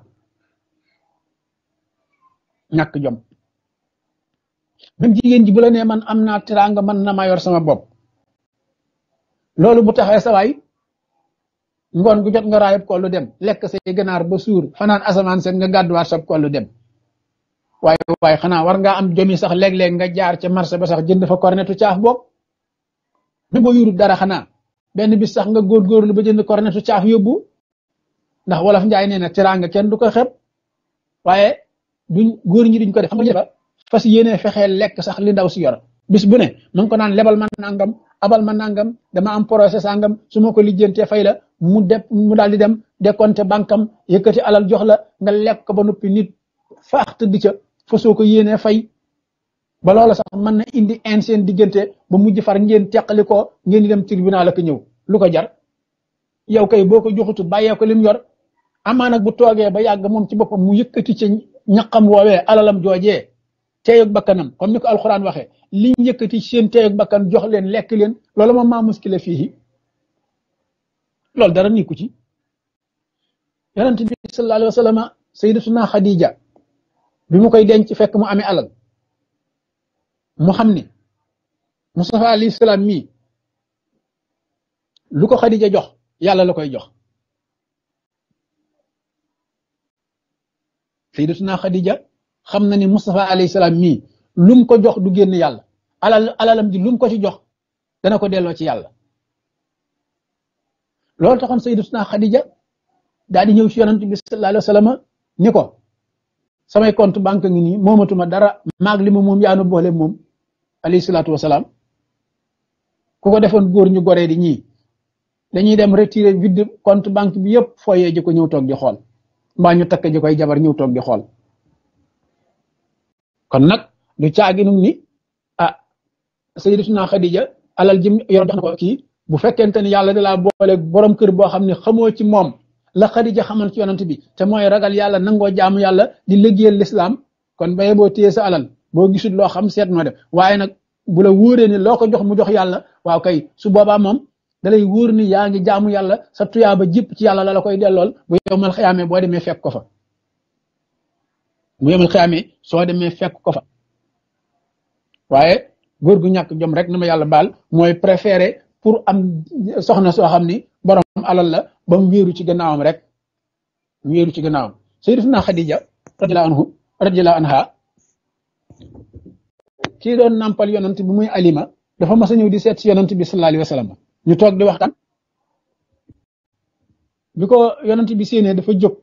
ñak jom même jigen ji bu la nee man amna tiranga man na maa yor sama bop loolu bu taxé sa way ngon gu jot nga rayep ko lu dem lek sey gënar ba sour fanan asaman sen nga wa sab ko lu dem waaye waaye xana war nga am jomi sax léeg-léeg nga jaar ci marché ba sax jënd fa cornetu caaf bopp ne boo yuru dara xana benn bis sax nga góorgóorlu ba jënd kornetu caaf yóbbu ndax wolof njaay nee na teraanga kenn du ko xeeb waaye duñ góor ñi duñ ko def xam nga fas yéenee fexee lekk sax li ndaw si yor bis bu ne mu ko naan lebal ma nangam abal ma nangam dama am procès sangam su ma ko lijjantee fay la mu de mu daal di dem décompté bankam yëkkati alal jox la nga lekk ko ba noppi nit faax tëdd ca fasoo ko yéenee fay ba loola sax man na indi in diggante ba mujj far ngeen teqali ko ngeen di dem tribunal ak ñëw lu ko jar yow kay boo ko joxutu bàyyee ko lim yor amaa nag bu toogee ba yàgg moom ci boppam mu yëkkati ci ñaqam woowee alalam joojee teeyug bakkanam comme ni ko alxuraan waxee liñ yëkkati seen teeyug bakkan jox leen lekk leen loolu moom maa muskile fii loolu dara nii ku ci yonent bi sallallahu alayhi wa sallam sayyidatuna Xadija bi mu koy denc fekk mu amee alal. mu xam ni Moustapha alayhi salaam mii lu ko Xadija jox yàlla la koy jox sayyidatuna Xadija xam na ni Moustapha alayhi salaam mii lum ko jox du génn yàlla alal alalam ji lu ko ci jox dana ko delloo ci yàlla loolu taxoon sayyidatuna Xadija daal di ñëw ci yonent bi sallallahu alayhi wa sallam ni ko samay compte banque ngi nii moomatuma dara maag li ma moom yaanu boole moom alayhi salaam ku ko defoon góor ñu goree di ñii dañuy dem retirer vide compte banque bi yëpp foyee ji ko ñëw toog di xool mbaa ñu takk ji koy jabar ñëw toog di xool kon nag du caaginum ni ah sayyidatuna Xadija alal jim yor jox na ko bu fekkente ni yàlla da laa boole borom kër boo xam ne xamoo ci moom la Xadija xaman ci yonent bi te mooy ragal yàlla nangoo jaamu yàlla di liggéeyal lislaam kon baye boo téye sa alal boo gisut loo xam seet ma def waaye nag bu la wóoree loo ko jox mu jox yàlla waaw kay su boobaa moom da lay wóor ni yaa ngi jaamu yàlla sa tuyaaba jëpp ci yàlla la la koy dellool bu yowmal xiyaamee boo demee fekk ko fa bu soo demee fekk ko fa waaye góor gu ñàkk jom rek na ma yàlla baal mooy préféré pour am soxna soo xam ni borom alal la ba mu wéeru ci gannaawam rek wéeru ci gannaawam sayyidina Xadija radiyallahu anhu radiyallahu anha kii doon nampal yonant bi muy alima dafa mas ñëw di seet si bi sallallahu alayhi ñu toog di waxtaan bi ko yonant bi séenee dafa jóg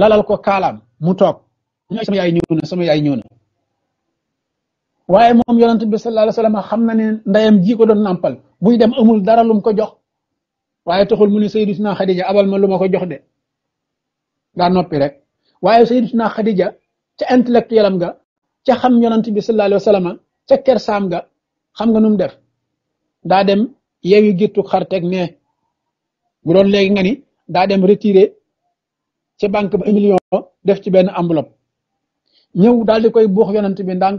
lalal ko kaalaam mu toog ñu sama yaay ñëw na sama yaay ñëw waaye moom yonant bi sallallahu alayhi wa sallam xam na ne ndeyam ji ko doon nampal buy dem amul dara lum ko jox waaye taxul mu ne Sayyidatuna Xadija abal ma lu ma ko jox de daa noppi rek waaye Sayyidatuna Xadija ca intellectuel am nga ca xam yonent bi sallallahu alayhi wa ca ker saam ga xam nga nu def daa dem yeewi gittu xar teg ne bu doon léegi nga ni daa dem retiré ca banque ba million def ci benn enveloppe ñëw daal di koy buux yonent bi ndànk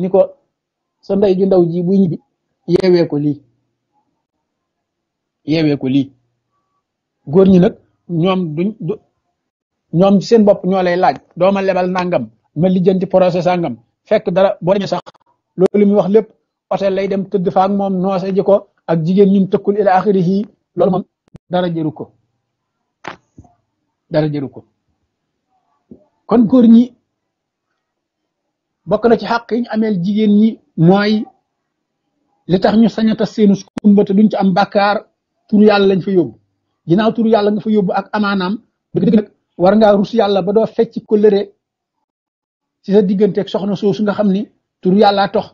ni ko sa ndey ju ndaw ji buy ñibbi yeewee ko lii yeewee ko góor ñi nag ñoom duñ seen bopp ñoo lay laaj dooma lebal nangam ma lijjanti procès sàngam fekk dara boo demee sax loolu muy wax lépp hôtel lay dem tëdd faak moom noose ji ko ak jigéen ñun tëkkul ila axirihi loolu moom dara jëru ko dara jëru ko kon góor ñi bokk na ci xàq yi ameel jigéen ñi mooy li tax ñu sañ a tas seenu sukumba te ci am bàkkaar turu yàlla lañ fa yóbbu ginnaaw turu yàlla nga fa yóbbu ak amaanaam dëgg rus yàlla ba doo fecc ko ci sa digënté ak soxna soosu nga xam ni tur yàlla tox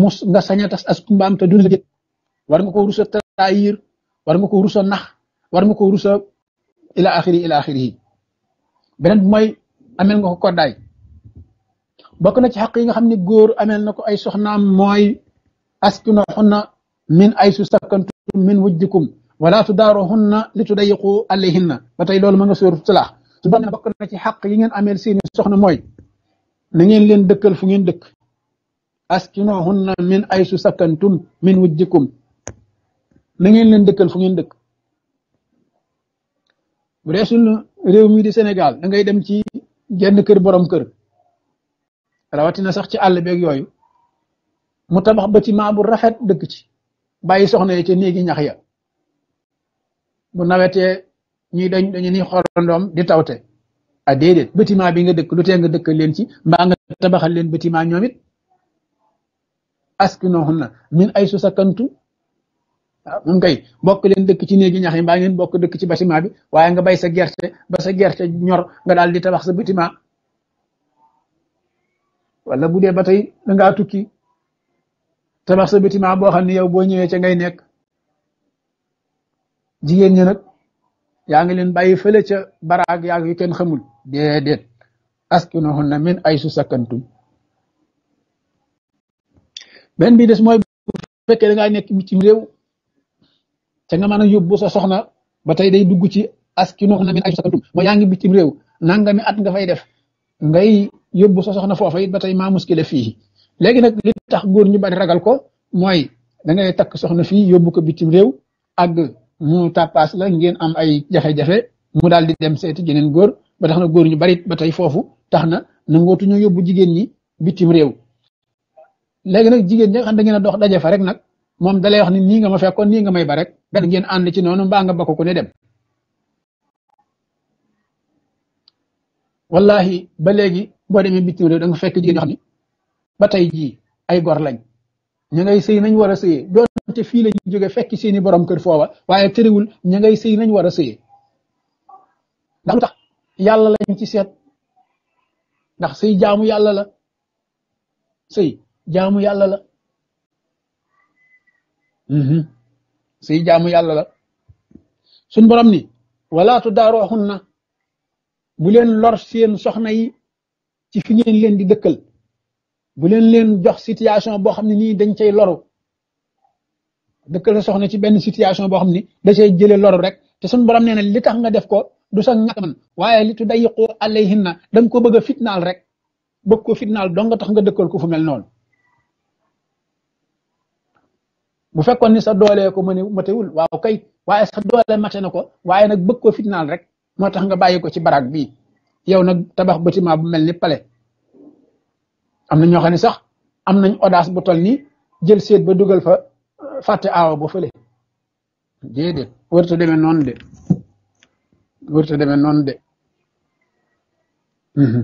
mus nga sañ a tas as kumbaam te dund war nga ko rusa taayir war nga ko rusa nax war nga ko rusa ila axiri ila axiri yi beneen bi mooy amel nga ko koddaay bokk na ci xaq yi nga xam ni góor amel na ko ay soxnaam mooy askino xunna min ay su sakkantum min wujdikum wala tudaaruhunna li tudayiqu alayhinna ba tey loolu ma nga sóor salaax su bokk na ci xaq yi ngeen amel seen soxna mooy na ngeen leen dëkkal fu ngeen dëkk askinohunna min aysu sakantum min wujjikum na ngeen leen dëkkal fu ngeen dëkk bu dee suñu réew mi di Sénégal da ngay dem ci jenn kër borom kër rawatina sax ci àll beeg yooyu mu tabax ba bâtiment bu rafet dëkk ci bàyyi soxna yi ca néegi ñax ya bu nawetee ñuy dañ dañu ni xorandoom di tawte ah déedéet bâtiment bi nga dëkk lu te nga dëkk leen ci mbaa nga tabaxal leen bâtiment ñoom it na min ay su sakantu waaw ah, moom kay bokk leen dëkk ci néegi ñax yi mbaa ngeen bokk dëkk ci bâtiment bi waaye nga bay sa gerte ba sa gerte ñor nga daal di tabax sa bâtiment wala bu dee ba tey da tukki tabax sa bâtiment boo xam ne yow boo ñëwee ca ngay nekk jigéen ñi yaa ngi leen bàyyi fële baraag yaa yu kenn xamul déedéet askinuhunna min ay su sakkantum benn bi des mooy bu fekkee da ngaa nekk réew te nga mën a yóbbu sa soxna ba tey day dugg ci askinuhunna min ay su sakkantum mooy yaa ngi bitim réew nangami at nga fay def ngay yóbbu sa soxna foofa it ba ma maa muskile fii léegi nag tax góor ñu bari ragal ko mooy da takk soxna fii yóbbu ko bitim réew ak mu tàppaas la ngeen am ay jafe-jafe mu daal di dem seeti jeneen góor. ba tax na góor ñu bari ba tey foofu tax na nangootuñu yóbbu jigéen ñi bitim réew léegi nag jigéen ñi nga xam da ngeen a dox daje fa rek nag moom dalay wax ni nii nga ma fekkoon nii nga may ba rek benn ngeen ànd ci noonu mbaa nga bakk ko wallahi ba léegi boo demee bitim réew danga fekk jigéen ñi xam ni ba tey jii ay gor lañ ña sëy nañ war a sëyee te fii la ñu jóge fekk seeni boroom kër foowa waaye tëriwul ña ngay sëy nañ war a sëyee yàlla lañ ci seet ndax sëy jaamu yàlla la sëy jaamu yàlla la mhm. sëy jaamu yàlla la suñ borom ni walaatu daarooxun na bu leen lor seen soxna yi ci fi ngeen leen di dëkkal bu leen leen jox situation boo xam ne nii dañ cay loru dëkkal sa soxna ci benn situation boo xam ni da cay jële loru rek te suñ borom nee na li tax nga def ko du sax ñàkk waaye li tu dayiqu alayhinna da nga ko bëgg a fitnaal rek bëgg ko fitnaal dong nga tax nga dëkkal ko fu mel noonu bu fekkoon ni sa doolee ko mëne matewul waaw kay waaye sa doole mate na ko waaye nag bëgg ko fitnaal rek moo tax nga bàyyi ko ci baraag bi yow nag tabax bâtiment bu mel ni pale am na ñoo xam ne sax am nañ audace bu toll ni jël seet ba dugal fa fàtte aawa ba fële déedéet warta deme noonu de wërta demee noonu de mhm.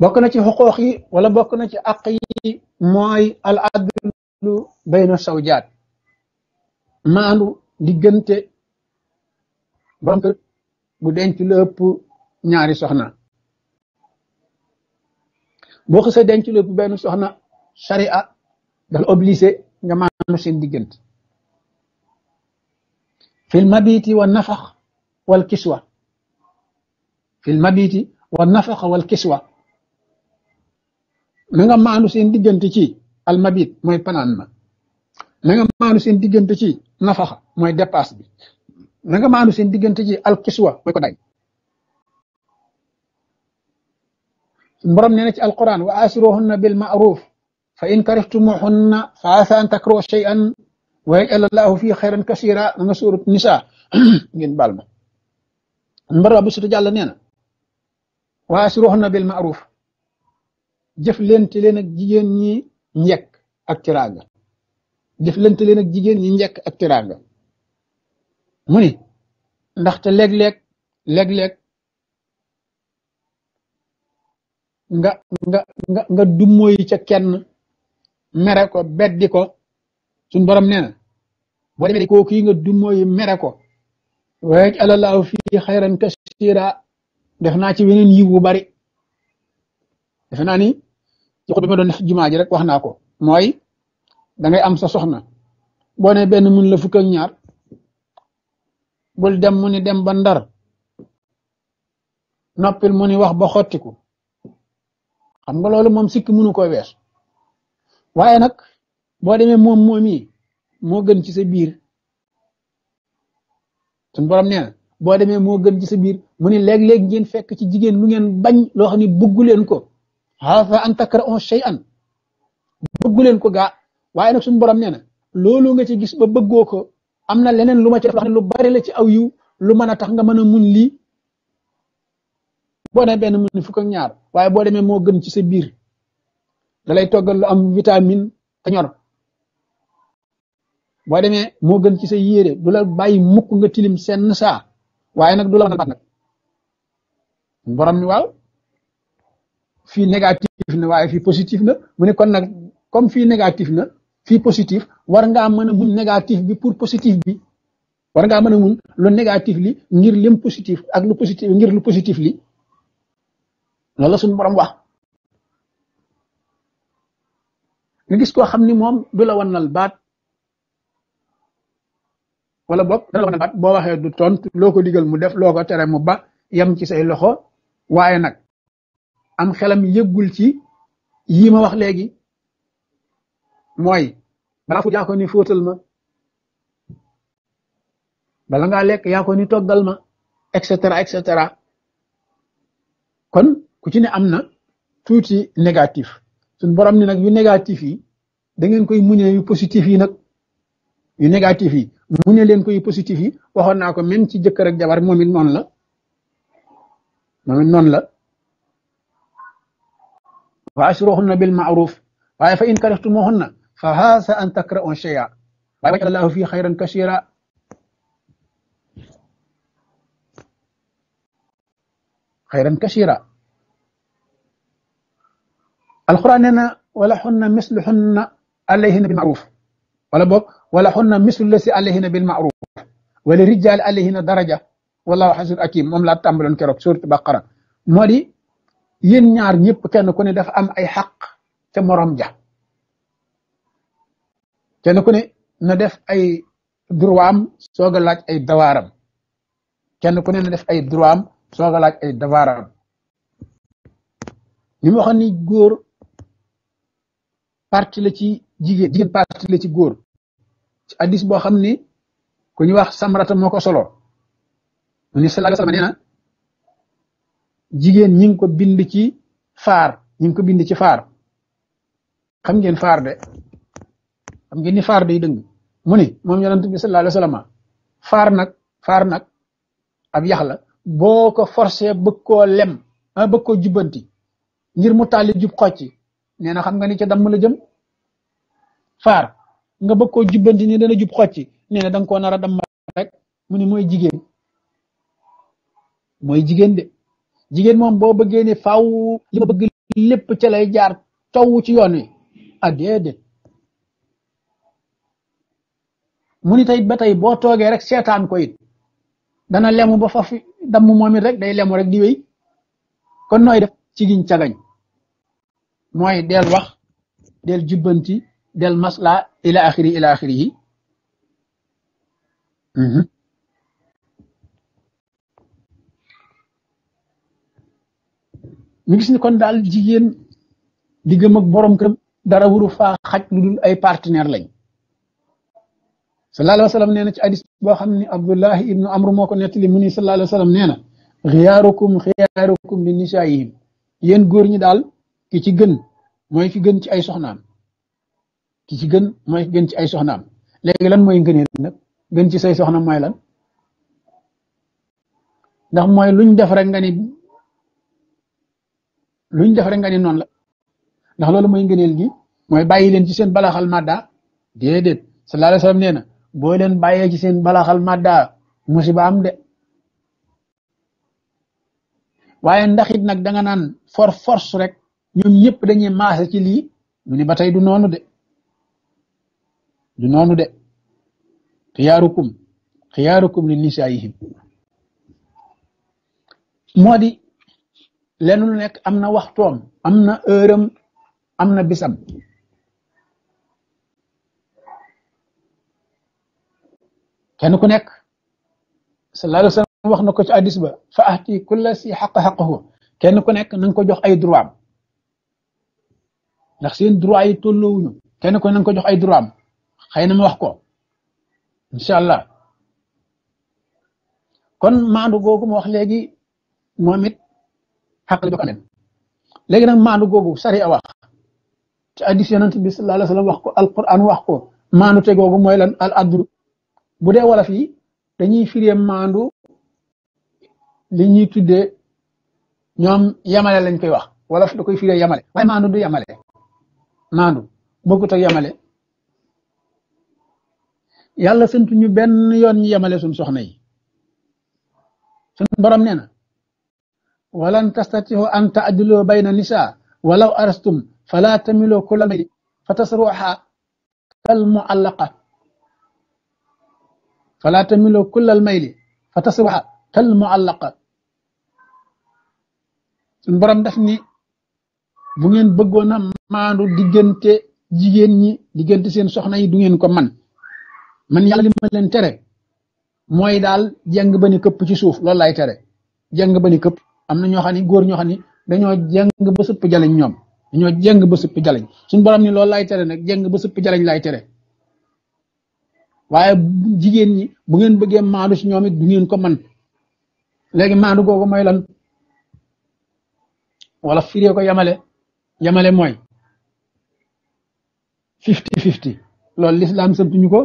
bokk na ci xuquuq yi wala bokk na ci àq yi mooy al adlu bayna sawjaat maandu diggante borom kër bu denc ëpp ñaari soxna boo xasee denc benn soxna saria dal obligé nga maandu seen diggante في المبيت والنفخ والكسوة في المبيت والنفخ والكسوة ميغا نعم، مانو سين ديغنتي تي المبيت موي بانان ما ميغا نعم، مانو سين ديغنتي تي نفخ موي ديباس بي ميغا نعم، مانو سين ديغنتي تي الكسوة موي كوداي مبرم نينا القران واسروهن بالمعروف فان كرهتموهن فعسى ان تكرهوا شيئا waaye llaahu fii xayran kasiira na nga suurat nisaa ngeen baal ma mbara bu sutu jàll nee na waasruhunna bil ma'ruuf jëflante leen jigéen ñi njëkk ak tiraanga jëflante leen jigéen ñi njëkk ak tiraanga mu ni ndaxte léeg-léeg léeg-léeg nga nga nga nga dummóoyi ca kenn mere ko beddi ko sun borom neena bo demé ko ki kii nga moy méré ko waaj alallahu fi xayran kaseera defna ci wenen yiw bu bari defna ni ci ko bi don doon jumaa ji rek waxna ko moy da ngay am sa soxna bo ne ben mun la fukk ak ñaar bul dem muni dem bandar noppil wax ba xottiku xam nga mom munu ko wess waye nak boo demee moom moom yi moo gën ci sa biir suñu borom nee boo demee moo gën ci sa biir mu ni léeg-léeg ngeen fekk ci jigéen lu ngeen bañ loo xam ne bëggu leen ko xaasa an takrahu shay'an bëggu leen ko ga waaye nag suñu borom nee na loolu nga ci gis ba bëggoo ko am na leneen lu ma ci lu bari la ci aw yiw lu mën a tax nga mën a muñ li boo demee benn muñ fukk ak ñaar waaye boo demee moo gën ci sa biir da lay toggal lu am vitamine te ñor boo demee moo gën ci sa yére du la bàyyi mukk nga tilim seen saa waaye nag du la nag borom ni waaw fii négatif waaye fii positif na mu ne kon nag comme fii négatif na fii positif war ngaa mën a muñ bi pour positif bi war ngaa mën a lu négatif li ngir lim positif ak lu positif ngir lu positif li loolu la suñu borom wax gis koo xam ni moom du la wannal baat wala boog dana la ko boo waxee du tontu loo ko digal mu def loo tere mu ba yem ci say loxo waaye nag am xelam yëggul ci yii ma wax léegi mooy balaa fu yaa ko fóotal ma bala nga lekk yaa ni toggal ma et cetera et cetera kon ku ci ne am na tuuti négatif suñ borom ni nag yu négatif yi da ngeen koy muñee yu positif yi nag yu négatif yi mu ne leen ko positif yi waxoon naa ko même ci jëkkër ak jabar moom it noonu la moom it noonu la wa ashruhunna bil ma'ruf waaye fa in karihtumuhunna fa haasa an takra'u shay'a waaye wajal allahu fi xayran kasira xayran kasira alquran nee na wala xunna misluhunna alayhinna bil ma'ruf ولا بوك ولا حنا مثل الذي عليهن بالمعروف bil maaruf wala rijal alayhina daraja wallahu xasun akim moom laa tàmbaloon keroog suuratu baqara moo di ñaar ñëpp kenn ku ne dafa am ay xaq ca morom ja kenn ku ne na def ay droitam soga laaj ay dawaram kenn ku ne na def ay droitam soga laaj ay dawaram ñu waxani góor parti la ci jigéen jigéen parti la ci góor ci addis boo xam ni ku ñu wax samrata moo ko solo mu ni sallallahu alayhi wa sallam na jigéen ñi ngi ko bind ci faar ñi ngi ko bind ci faar xam ngeen faar de xam ngeen ni faar day dëng mu ni moom yonent bi sallallahu alayhi wa faar nag faar nag ab yax la boo ko forcé bëgg koo lem a bëgg koo jubbanti ngir mu tàlli jub xocci nee na xam nga ni ca damm la jëm faar nga bëgg koo jubbanti nii dana jub xocc nee na da nga koo nar a damm rek mu ni mooy jigéen mooy jigéen de jigéen moom boo bëggee ne faaw li ma ca lay jaar coow ci yoon wi ah déedéet mu ni tey ba tey boo toogee rek seetaan ko it dana lemu ba faf damm moom it rek day lemu rek di wéy kon nooy def ci giñ cagañ mooy del wax del jubbanti del masla ila axiri ila yi mhm. ñu gis ni kon daal jigéen diggam ak borom këram dara wuru faa xaj lu dul ay partenaire lañ sallallahu alayhi wa ci hadis boo xam ne abdullahi ibnu amr moo ko nettali mu ni sallallahu nee na xiyaarukum xiyaarukum li nisaayihim yéen góor ñi daal ki ci gën mooy ki gën ci ay soxnaam ki ci gën moy gën ci ay soxnam légui lan moy gënël nak gën ci say soxna moy lan ndax moy luñ def rek nga ni luñ def rek nga ni non la ndax lolu moy gënël gi moy bayyi len ci seen balaxal madda dedet sallallahu alayhi wasallam neena bo len leen ci seen balaxal madda musiba am de waye ndax it nak da nga nan for force rek ñoom ñepp dañuy maase ci li ñu ni ba du nonu de du noonu de xiyaarukum xiyaarukum li nisaayihim moo di lenn nekk am na waxtoom am na heure am na bisam kenn ku nekk sallallahu alayhi wax na ko ci hadiis ba fa ahti kulla si xaq xaqahu kenn ku nekk na ko jox ay droit ndax seen droit yi tolloowuñu kenn ku ne na ko jox ay droit xëy na wax ko incha allah kon maandu googu mu wax léegi moom it xaq la jox léegi nag maandu googu sariya wax ci hadiis bi sallallahu wax ko alquran wax ko maandu te googu mooy lan al adlu bu dee wolof yi dañuy firee maandu li ñuy tuddee ñoom yamale lañ koy wax wolof da koy firee yamale waaye maandu du yamale maandu bokkut yamale yàlla santu benn yoon ñu yemale suñ soxna yi suñ borom nee na walan tastatixu an bayna nisa walaw arastum fala milo kulla mayli fa tasruxa kal muallaqa muallaqa suñ borom daf ni bu ngeen bëggoon a maandu diggante jigéen ñi diggante seen soxna yi du ngeen ko man man yalla li len téré moy dal jeng bani ni ci souf loolu lay tere jeng bani ni amna ño xani gor ño xani góor jeng ba supp jaleñ ñom dañoo jeng ba supp jaleñ suñ borom ni loolu lay tere nak jeng ba supp jaleñ lay tere waye jigen ni bu ngeen bëgge maadu ci ñom it du ngeen ko man léegi maadu gogo moy lan wala firé ko yamale yamale moy fifty fifty lol l'islam sëntuñu ñuko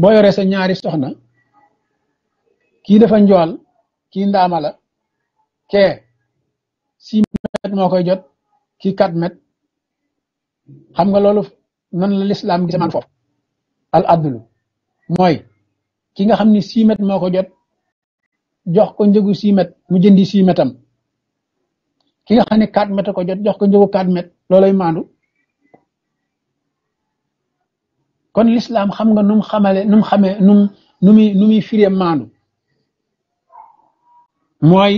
boo yoree sa ñaari soxna kii defa njool ki ndaama la kee six koy jot ki quatre mètres xam nga loolu noonu la lislaam gis man al addulu mooy ki nga xam ni six mètres ko jot jox ko njëgu simet mu jëndi six mètres ki nga xam ne quatre mètres ko jot jox ko njëgu quatre mètres loolay maandu kon l'islam xam nga num xamale num xame num numi numi firé manu moy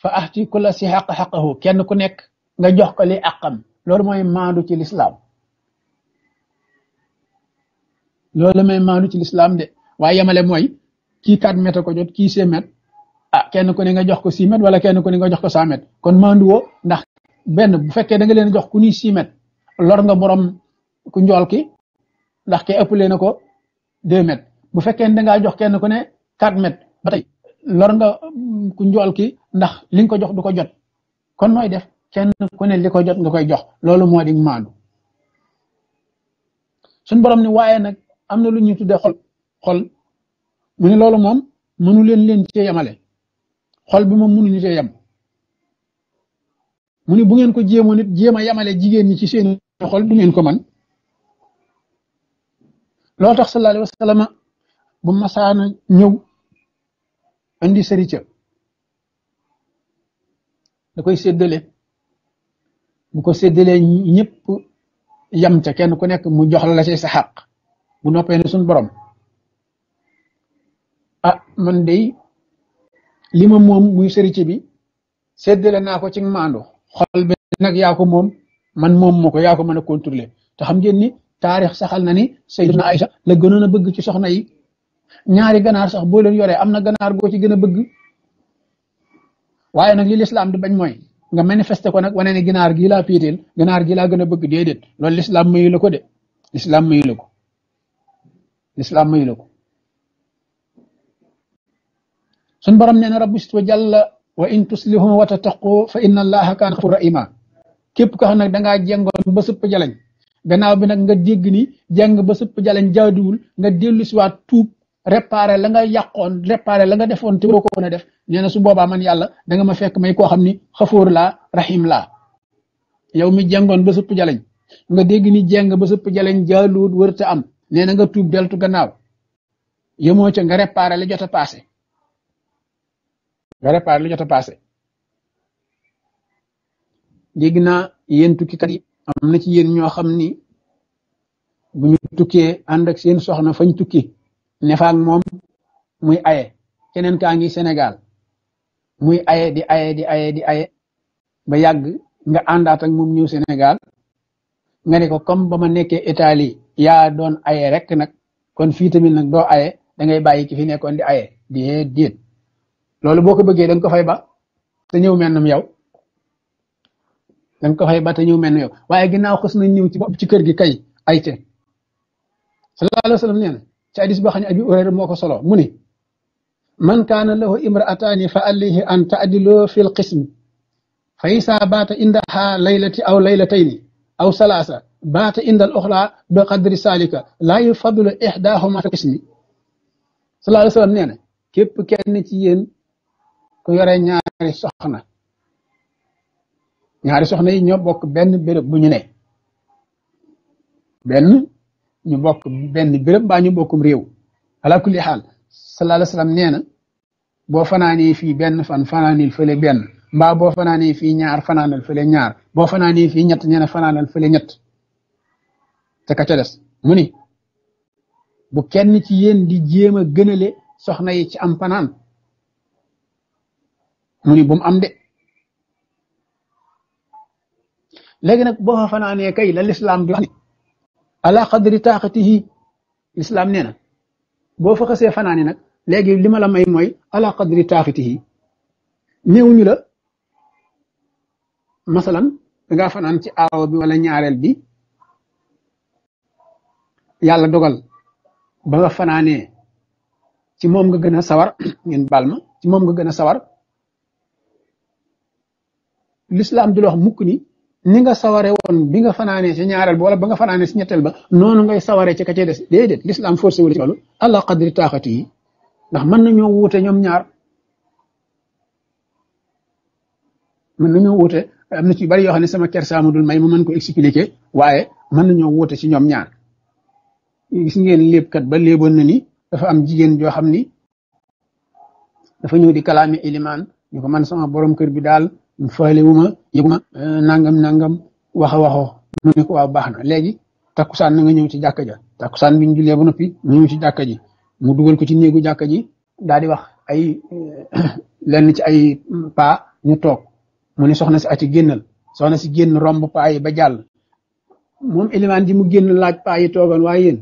fa ahti kulla si haqq haqqahu kenn ku nek nga jox ko li akam lolu moy manu ci l'islam lolu may manu ci l'islam de waye yamale moy ki kat mètre ko jot ki 5 ah kenn ku ne nga jox ko 6 wala kenn ku ne nga jox ko 100 kon mandu wo ndax benn bu fekkee da nga leen jox ku ni simet lor nga borom ku njool ki ndax ke ëppalee na ko deux mètres bu fekkee da ngaa jox kenn ku ne quatre mètres ba tey lor nga ku njool ki ndax li nga ko jox du ko jot kon nooy def kenn ku ne li ko jot nga koy jox loolu moo di maandu suñ borom ni waaye nag am na lu ñu tuddee xol xol mu ne loolu moom mënu leen leen cee yemale xol bi moom ñu cee yem mu ni bu ngeen ko jéemoon it jéem a yamale jigéen ñi ci seen xol du ngeen ko man loolu tax sallallahu alayhi wa sallam bu ñëw andi sarica da koy séddale bu ko séddalee ñëpp yam ca kenn ku nekk mu jox la la say sa bu noppee ne suñ borom ah man de li ma muy sarica bi séddale naa ko ci maandu xol bi nag yaa ko moom man moom moo ko yaa ko mën a contrôler te xam ngeen ni taarix saxal na ni Sayyidina Aïcha la gënoon a bëgg ci soxna yi ñaari ganaar sax boo leen yoree am na ganaar goo ci gën a bëgg waaye nag li lislaam di bañ mooy nga manifesté ko nag wane ne ginaar gii laa piiteel ginaar gii laa gën a bëgg déedéet loolu lislaam mayu ko de lislaam mayu la ko lislaam mayu la ko wa in tuslihu wa tattaqu fa inna allaha kaana xafuur rahima képp ko xam nag dangaa jengoon ba sëpp jalañ gannaaw bi nag nga dégg ni jàng ba sëpp jalañ jaaduwul nga dellu si waat tuub réparé la nga yàqoon réparé la nga defoon te boo ko mën a def na su boobaa man yàlla da nga ma fekk may koo xam ni xafuur laa rahim laa yow mi jengoon ba sëpp jalañ nga dégg ni jeng ba sëpp jalañ jaaduwul wërta am nee na nga tuub deltu gannaaw yemoo ca nga réparé la jot a nga réparé lu jot a léegi naa yéen tukkikat am na ci yéen ñoo xam ni bu ñu seen soxna fañ tukki ne moom muy aye keneen kaa ngi Sénégal muy aye di aye di aye ba yàgg nga àndaat ak moom ñëw Sénégal nga ne ko comme ba ma nekkee Italie yaa doon aye rek nag kon fii tamit nag doo aye da ngay bàyyi ki fi nekkoon di aye di déet loolu boko beugé dang ko fay ba te ñëw mennum yow dang ko fay ba te ñëw mennum yow waye ginnaw xës nañ ñëw ci bop ci kër gi kay ay te sallallahu alayhi wasallam sallam ci hadith boo xani abi urayra moko solo muni man kana lahu imra'atan fa alayhi an ta'dilu fi al-qism fa isaa baata indaha laylati aw laylatayn aw salaasa baata indal ukhra bi qadri salika la yufadlu ihdahuma fi al-qism sallallahu alayhi wasallam sallam nee képp kenn ci yéen ku yore ñaari soxna ñaari soxna yi ñoo bokk benn béréb bu ñu ne benn ñu bokk benn béréb mbaa ñu bokkum réew ala kulli xaal sallallahu alayhi wa boo fanaanee fii benn fan fanaanil fële benn mbaa boo fanaanee fii ñaar fanaanal fële ñaar boo fanaanee fii ñett nee na fanaanal fële ñett te ka ca des bu kenn ci yéen di jéem gënale soxna yi ci am mun ni bu mu am de léegi nag boo fa fanaanee kay la lislaam di wax ni ala qadri taaqatihi lislaam nee na boo fa xasee fanaane nag léegi li ma la may mooy ala qadri taaqatihi néew ñu la masalan dangaa fanaan ci aaw bi wala ñaareel bi yàlla dogal ba nga fanaanee ci moom nga gën a sawar ngeen baal ma ci moom nga gën a sawar l'islam du la wax mukk ni ni nga saware woon bi nga fanaanee si ñaareel ba wala ba nga fanaanee si ñetteel ba noonu ngay saware ci ka cay des déedéet l'islam forcé wala ci loolu allah qadri taaxati yi ndax mën nañoo wuute ñoom ñaar mën nañoo wuute am na ci bari yoo xam ne sama kersaamu dul ma mën ko expliquer waaye mën nañoo wuute ci ñoom ñaar gis ngeen léebkat ba léeboon na ni dafa am jigéen joo xam ni dafa ñëw di kalaami ilimaan ñu ko man sama borom kër bi daal faale wu ma yëguma euh, nangam nangam wax a waxoo mu ne ko waaw baax na léegi takkusaan na nga ñëw ci jàkka ja takkusaan bi ñu jullee ba noppi mu ñëw ci jàkka ji mu dugal ko ci néegu jàkka ji daal di wax ay euh, lenn ci ay paa ñu toog mu ne soxna si ati génnal soxna si génn romb paa yi ba jàll moom élément ji mu génn laaj paa yi toogoon waaye yéen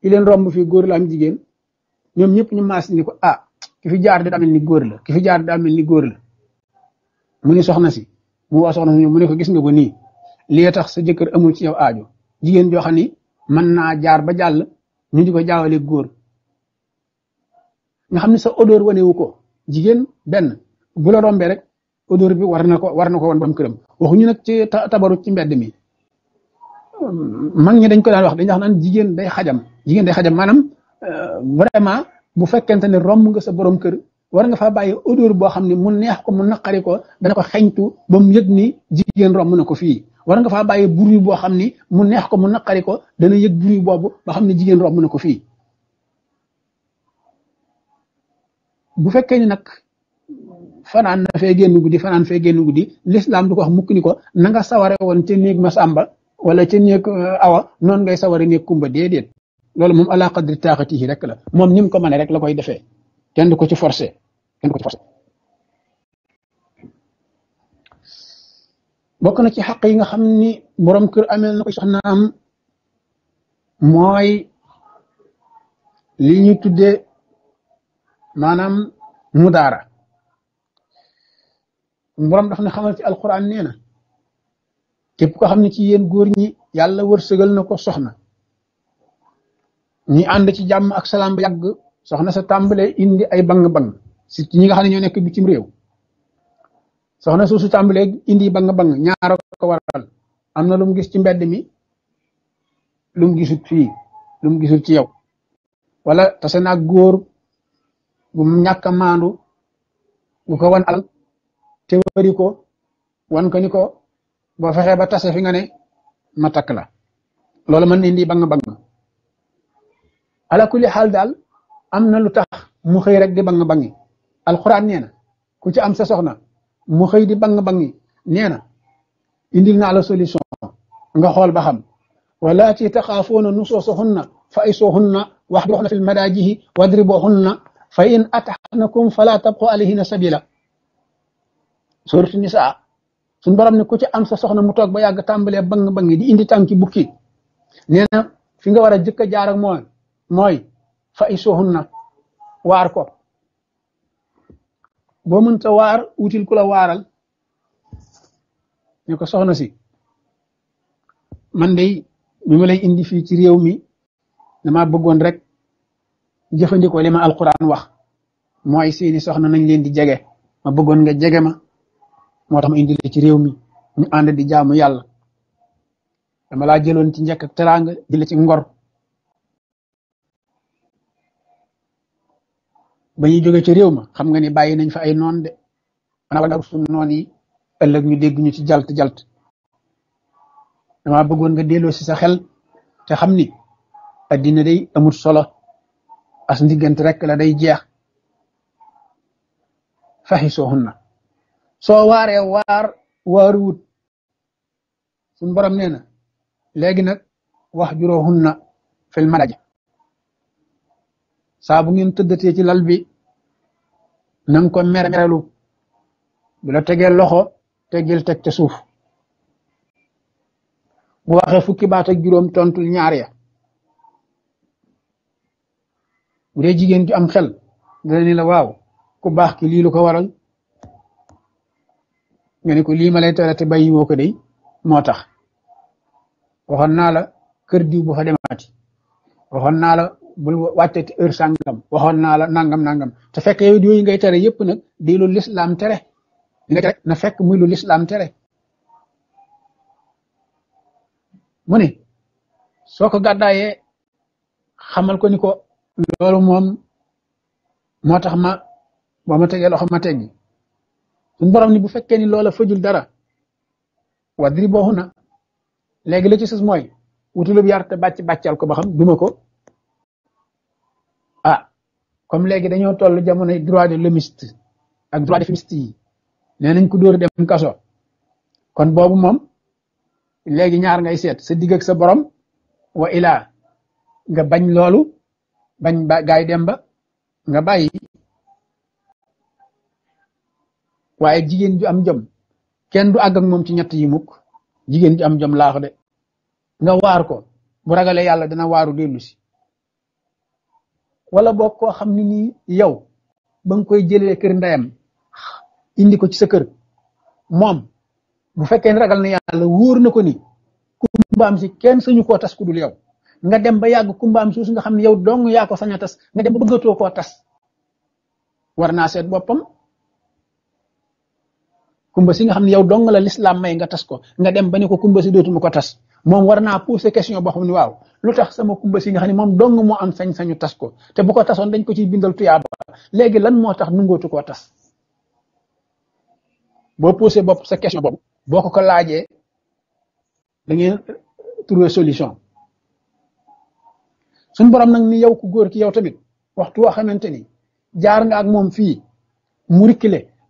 ki leen romb fii góor la am jigéen ñoom ñëpp ñu mas ni ko ah ki fi jaar de daa ni góor la ki fi jaar de mel ni góor la mu soxna si mu woo mu ne ko gis nga ko nii lii tax sa jëkkër amul ci yow aajo jigéen joo xam ni mën naa jaar ba jàll ñu di ko jaawale góor nga xam ne sa odeur wanewu ko jigéen benn bu la rombee rek odeur bi war na ko war na ko wan ba mu këram waxuñu nag ci tabaru ci mbedd mi mag ñi dañ ko daal wax dañ wax naan jigéen day xajam jigéen day xajam maanaam euh, vraiment bu fekkente ne romb nga sa borom kër war nga faa bàyyi odeur boo xam ne mu neex ko mu naqari ko dana ko xeñtu ba mu yëg ni jigéen mu ne ko fii war nga faa bàyyi bruit boo xam ni mu neex ko mu naqari ko dana yëg bruit boobu ba xam ne jigéen romb ne ko fii bu fekkee ni nag fanaan na fee génn guddi fanaan fee génn guddi lislaam du ko wax mukk ni ko nanga nga saware woon ca néeg ma sàmba wala ca néeg euh, awa noonu ngay saware néeg kumba déedéet loolu moom ala qadri taaxatihi rek la moom ni ko mane rek la koy defee kenn du ko ci forcé kenn du bokk na ci xaq yi nga xam ni borom kër ameel na ko soxnaam mooy li ñu tuddee maanaam mudaara borom daf na xamal ci alquran nee na képp ko xam ne ci yéen góor ñi yàlla wërsëgal na ko soxna ñi ànd ci jàmm ak salaam ba yàgg soxna sa tàmbalee indi ay bang-bang si ñi nga xam ne ñoo nekk bitim réew soxna su su tàmbalee indi bang-bang ñaara ko waral am na lu mu gis ci mbedd mi lu mu fii lu mu ci yow wala tase naag góor bu ñàkk a maandu ko wan al wan ko ko boo fexee ba tase fi nga ne ma takk la loolu mën na indi xaal daal. am na lu tax mu xëy rek di bang bangi alxuraan nee na ku ci am sa soxna mu xëy di bang bangi nee na indil naa la solution nga xool ba xam walaati taxaafuuna nusuusuhunna fa aysuuhunna waxduhunna fil madaajihi wadribuhunna fa in ataxnakum falaa tabqu alayhinna sabila suuratu nisaa suñ borom ne ku ci am soxna mu toog ba yàgg tàmbalee bang bangi di indi tànki bukki nee fi nga war a jëkk a jaar ak mooy mooy fa isuhunna waar ko boo mënta waar wutil ku la waaral ne ko soxna si man de bi ma lay indi fii ci réew mi dama bëggoon rek jëfandikoo li ma alquran wax mooy seeni soxna nañ leen di jege ma bëggoon nga jege ma moo tax ma indi la ci réew mi ñu ànd di jaamu yàlla dama laa jëloon ci njëkk ak teraanga di ci ngor ba ñuy jóge ci réew ma xam nga ni bàyyi nañ fa ay noon de mana wala suñu noon yi ëllëg ñu dégg ci jalt jalt dama bëggoon nga delloo si sa xel te xam ni addina day amul solo as ndiggante rek la day jeex faxisoohunna soo waaree waar waaruwut suñu borom nee na léegi nag wax juróohunna fil madaja saa bu ngeen tëddatee ci lal bi na nga ko mere merelu bu la tegee loxo teggil teg te suuf bu waxee fukki baat ak juróom tontul ñaar ya bu dee jigéen ki am xel dana ni la waaw ku baax ki lii lu ko waral nga ne ko lii ma lay tere te bàyyi ko de moo tax waxoon naa la kër diw bu fa demaati waxoon naa la bul wàccati heure sàngam waxoon naa la nangam nangam te fekk yow yooyu ngay tere yëpp nag di lu lislaam tere tere na fekk muy lis lislaam tere mu ne soo ko gàddaayee xamal ko ni ko loolu moom moo tax ma boo ma tegee loxo ma teggi suñu borom ni bu fekkee ni loola fajul dara wadri booxu na léegi la ci sus mooy wutulub yar te bàcc bàccal ko ba xam duma ko comme légui dañu tollu jamono droit de l'homiste ak droit de fimiste yi né nañ ko door dem kaso kon bobu mom légui ñaar ngay sét sa digg ak sa borom wa ila nga bañ loolu bañ ba gay dem ba nga bayyi waye jigen ju am jom kenn du ag ak mom ci ñett yi mukk jigen ju am jom laax de nga war ko bu ragale yalla dana waru delusi wala boo koo xam ne nii yow ba nga koy jëlee kër ndeyam indi ko ci sa kër moom bu fekkee ne ragal na yàlla wóor na ko ni kumbaam si kenn sañu koo tas ku dul yow nga dem ba yàgg kumbaam suus nga xam ne yow dong yaa ko sañ a tas nga dem ba bëggatoo koo tas war naa seet boppam kumba si nga xam ne yow dong la lislaam may nga tas ko nga dem ba ne ko kumba si dootuma ko tas mom warna naa pousser question bo xamni waw lutax sama kumba si nga xamni mom dong mo am sañ-sañu tas ko te bu ko tasoon dañ ko ci bindal tuyaaba léegi lan moo tax nungootu ko tas bo pousser bop sa question bop boko ko laaje da ngeen trouver solution sun borom nak ni yow ku góor ki yow tamit waxtu woo xamanteni jaar nga ak mom fi mu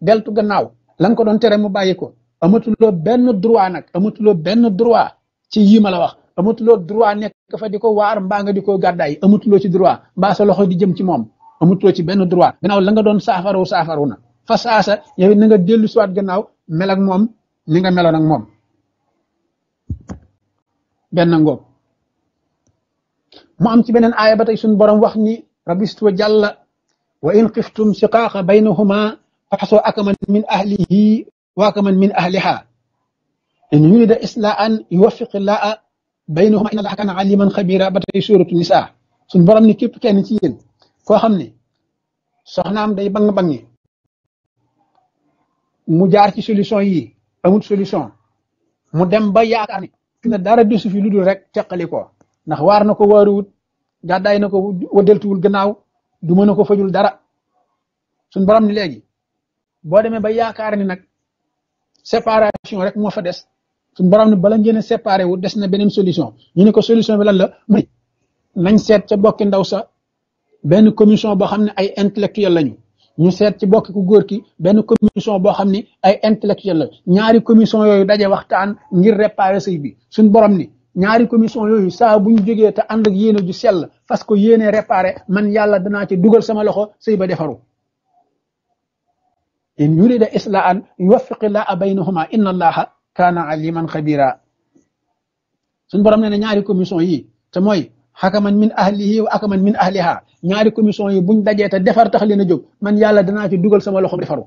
deltu gannaaw lan ko don tere mu bayiko amatu lo ben droit amatu lo ben droit ci yii ma la wax amutuloo droit nekk fa di waar mbaa nga di ko gàddaay amutuloo ci droit mbaa sa loxo di jëm ci moom amutuloo ci benn droit gannaaw la nga doon saafaraw saafaru na fa saasa yow na nga dellu siwaat gannaaw moom ni nga meloon ak moom benn ngoog mu am ci beneen aaya ba tey suñu borom wax ni rabistu jàlla wa in xiftum siqaaqa baynahuma faxsoo akaman min ahlihi wa akaman min ahliha ان يريد اصلاحا يوفق الله بينهما ان الله كان عليما خبيرا باتي سوره النساء سن بروم ني كيب كين سي يين كو خامني سخنام داي بان بان ني مو جار سي سوليوشن يي امول سوليوشن مو ديم با ياكار ني كنا دارا دوسو في لودو ريك تخاليكو ناخ وار نكو واروت غاداي نكو ودلتول غناو دو مانوكو فاجول دارا سن بروم ني لغي بو ديمي با ياكار ني نك سيباراسيون ريك مو فا ديس suñu borom ne bala ngeen a wu des na beneen solution ñu ne ko solution bi lan la mu nañ seet ca bokki ndaw sax benn commission boo xam ne ay intellectuel lañu ñu seet ci bokki ku góor ki benn commission boo xam ni ay intellectuel la ñaari commission yooyu daje waxtaan ngir réparer sëy bi suñ borom ni ñaari commission yooyu saa bu ñu jegee te ànd ak yéene ju sell parce que yéene réparé man yàlla danaa ci dugal sama loxo sëy ba defaru in yurida kaana aliman xabira suñu borom nee na ñaari commission yi te mooy xakaman min ahlihi wa akaman min ñaari commission yi buñ dajee te defar tax leen a jóg man yàlla danaa ci dugal sama loxom defaru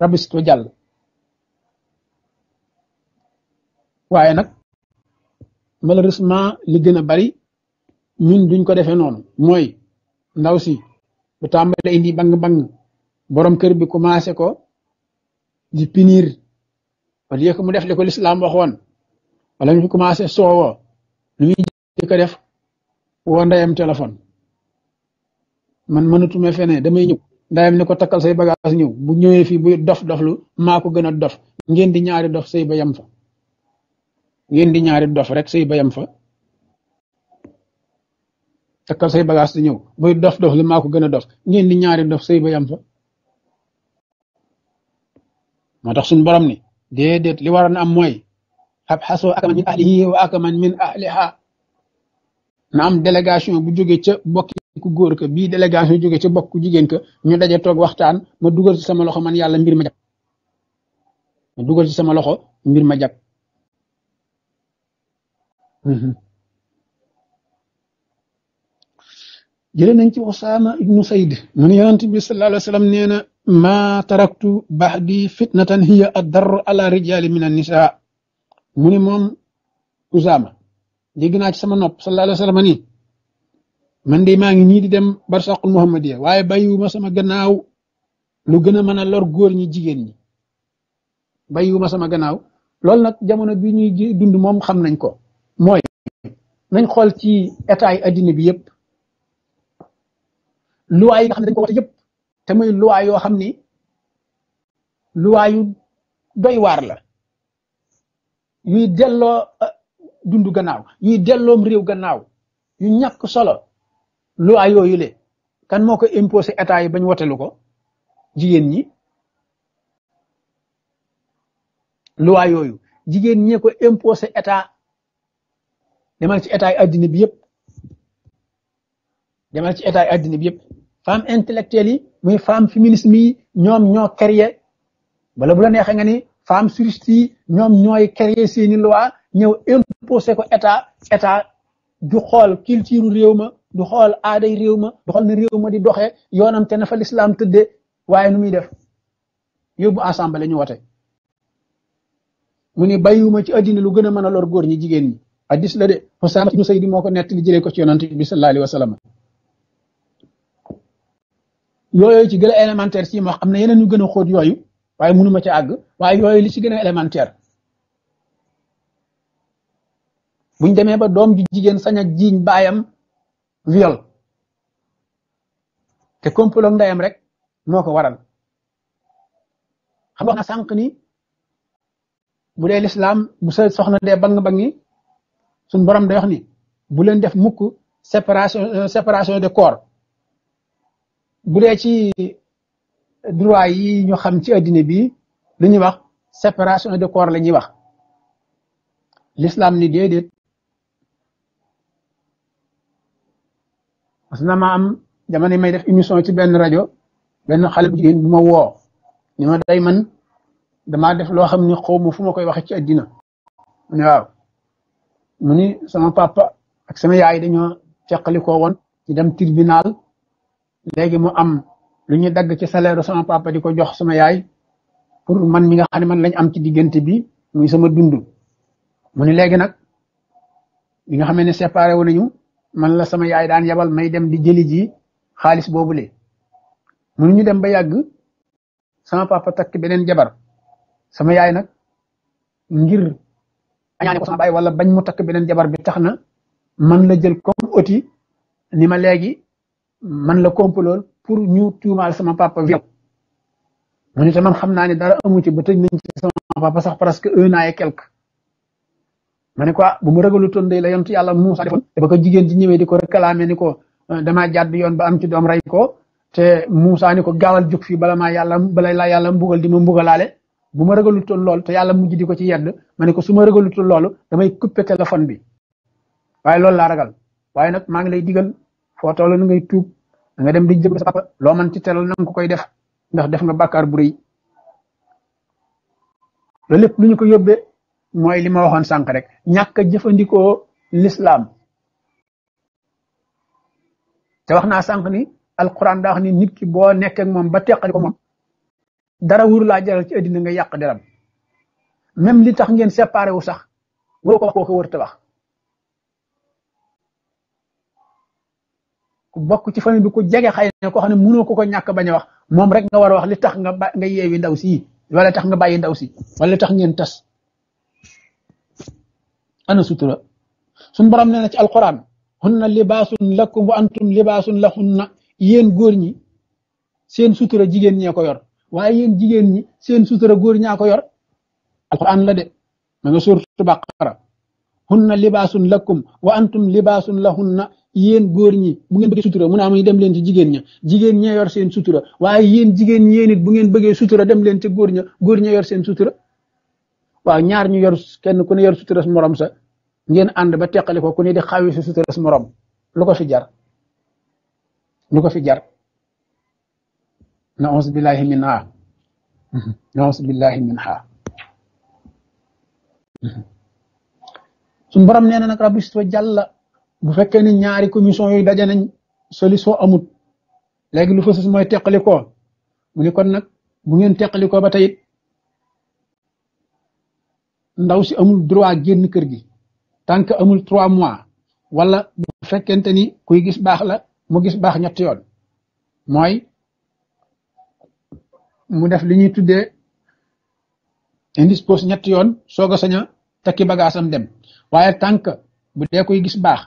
rabis to jàll waaye nag malheureusement li gën a bari ñun duñ ko defee noonu mooy ndaw si bu tàmbale indi bang bang borom kër bi commencé ko di punir au lieu que mu def li ko lislaam waxoon wala ñu commencé soowoo lu muy jëkk a def woo ndeyam téléphone man mënatuma fene damay ñëw ndeyam ne ko takkal say bagage ñëw bu ñëwee fii bu dof doflu maa ko gën a dof ngeen di ñaari dof say ba yam fa ngeen di ñaari dof rek say ba fa takkal say bagage di ñëw buy dof dof lu maa ko gën a dof ngeen di ñaari dof say ba yam fa moo tax suñu borom ni déedéet li waroon am mooy xabxasoo akaman min man wa akaman min ahliha na am délégation bu jóge ca bokki ku góor ka bii délégation jóge ca bokk ku jigéen ka ñu daje toog waxtaan ma dugal ci sama loxo man yàlla mbir ma jàpp ma dugal ci sama loxo mbir ma jàpp mhm. jëlee nañ ci Usaama ibnu Sayd mu ne yonent bi sallallahu ma taraktu baxdi fitnatan hiya addarru ala rijali min annisa mu ne moom Usaama dégg naa ci sama nopp sallallahu alayhi wa sallam man de maa ngi nii di dem barsaqul muhammadiya waaye bàyyiwuma sama gannaaw lu gën a mën a lor góor ñi jigéen ñi bàyyiwuma sama gannaaw loolu nag jamono bi ñuy dund moom xam nañ ko mooy nañ xool ci état yi addina bi yëpp luwaay yi xam ne dañ ko wate yëpp te muy loi yoo xam ni loi yu doy waar la yuy delloo euh, dundu gannaaw yuy delloom réew gannaaw yu ñàkk solo loi yooyu le kan moo ko imposé état yi bañ wotelu ko jigéen ñi loi yooyu jigéen ñee ko imposé état demal ci état yi àddina bi yëpp demal ci état yi addina bi yëpp femme intellectuelle yi muy femme féministe mi ñoom ñoo créé wala bu la neexee nga ni femme juriste yi ñoom ñooy créé seeni loi ñëw imposé ko état état du xool culture réew ma du xool aaday réew ma du xool ne réew ma di doxee yoonam te na fa lislaam tëddee waaye nu muy def yóbbu assemblée ñu wote mu ni bàyyiwuma ci addina lu gën a mën a lor góor ñi jigéen ñi addis la de Usaama ibnu Saydi moo ko nettali jëlee ko ci yonante bi sallallahu alayhi yooyu ci gën a élémentaire si wax am na yeneen yu gën a xóot yooyu waaye mënuma ci àgg waaye yooyu li ci gën a élémentaire buñ demee ba doom ju jigéen sañ a jiiñ viol te ndayam rek moo ko waral xam nga sànq ni bu dee lislaam bu sa soxna dee bang bangi suñ borom day wax ni bu leen def mukk séparation euh, séparation de corps bu dee ci droit yi ñu xam ci addina bi lu ñuy wax séparation de corps la ñuy wax l'islam ni déedéet parce na ma am jamono may def émission ci benn rajo benn xale bu jigéen bu ma woo ni ma day man damaa def loo xam ni xaw ma fu ma koy waxe ci addina mu ne waaw mu ni sama papa ak sama yaay dañoo feqali ko woon ñu dem tribunal léegi mu am lu ñuy dagg ci salaire sama papa di ko jox sama yaay pour man mi nga xam ne man lañ am ci diggante bi muy sama dund mu nu léegi nag li nga xamee ne séparé wu nañu man la sama yaay daan yabal may dem di jëli ji xaalis boobule mu ñu dem ba yàgg sama papa takk beneen jabar sama yaay nag ngir añaane ko sama baay wala bañ mu takk beneen jabar bi tax na man la jël comme outil ni ma léegi man la kompalool pour ñu tuumaal sama papa viol mu ne te man xam naa ne dara amu ci ba tëj nañ ci sama sax presque un an et quelque ma ne ko ah, bu mu ragalu toon day la yontu yàlla Muusa defoon te ko jigéen ji ñëwee di ko réclamer ni ko euh, damaa jàdd yoon ba am ci doom rey ko te Muusa ko gaawal jóg fii bala maa yàlla bala laa yàlla mbugal di ma mbugalaale bu ma ragalu toon lool te yàlla mujj di ko ci yedd ma ne ko su ma ragalu loolu damay couper téléphone bi waaye lool laa ragal waaye nag maa lay digal fo tolo ngay tuup nga dem di jëm sa papa lo man ci teral nang ko koy def ndax def nga bakkar bu reuy lo lepp luñu ko yobbe moy lima waxon sank rek ñaka jëfëndiko l'islam te waxna sank ni alquran da wax ni nit ki bo nekk ak mom ba tekkal ko mom dara wuur la jaral ci adina nga yaq deram même li tax ngeen séparé wu sax wo ko ko wërta wax ku bokk ci famille bi ku jege xëy na koo xam ko ko ñàkk a wax moom rek nga war a wax li tax nga ba nga yeewi ndaw si wala tax nga bàyyi ndaw si wala li tax ngeen tas ana sutura suñu borom nee na ci alquran hunna libaasun lakum wa antum libaasun lahunna yéen góor ñi seen sutura jigéen ñee ko yor waaye yéen jigéen ñi seen sutura góor ñaa ko yor alquran la de yeen góor ñi bu ngeen bëggee sutura mu ne amuy dem leen ci jigéen ña jigéen ña yor seen sutura waaye yeen jigéen ñeen it bu ngeen bëggee sutura dem leen ci góor ña góor ña yor seen sutura waaw ñaar ñu yor kenn ku ne yor sutura morom sa ngeen ànd ba teqali ko ku ne di xawi sa sutura morom lu ko fi jar lu ko fi jar na ons billahi min ha na ons billahi min ha sun borom neena nak rabbi jalla bu fekkee ni ñaari commission yooyu daje nañ solution amut léegi lu fa sus mooy ko mu ni kon nag bu ngeen ko ba tayit ndaw si amul droit génn kër gi tant que amul trois mois wala bu fekkente ni kuy gis baax la mu gis baax ñett yoon mooy mu def li ñuy tuddee indispose ñett yoon soog a sañ a takki bagaasam dem waaye tant que bu dee kuy gis baax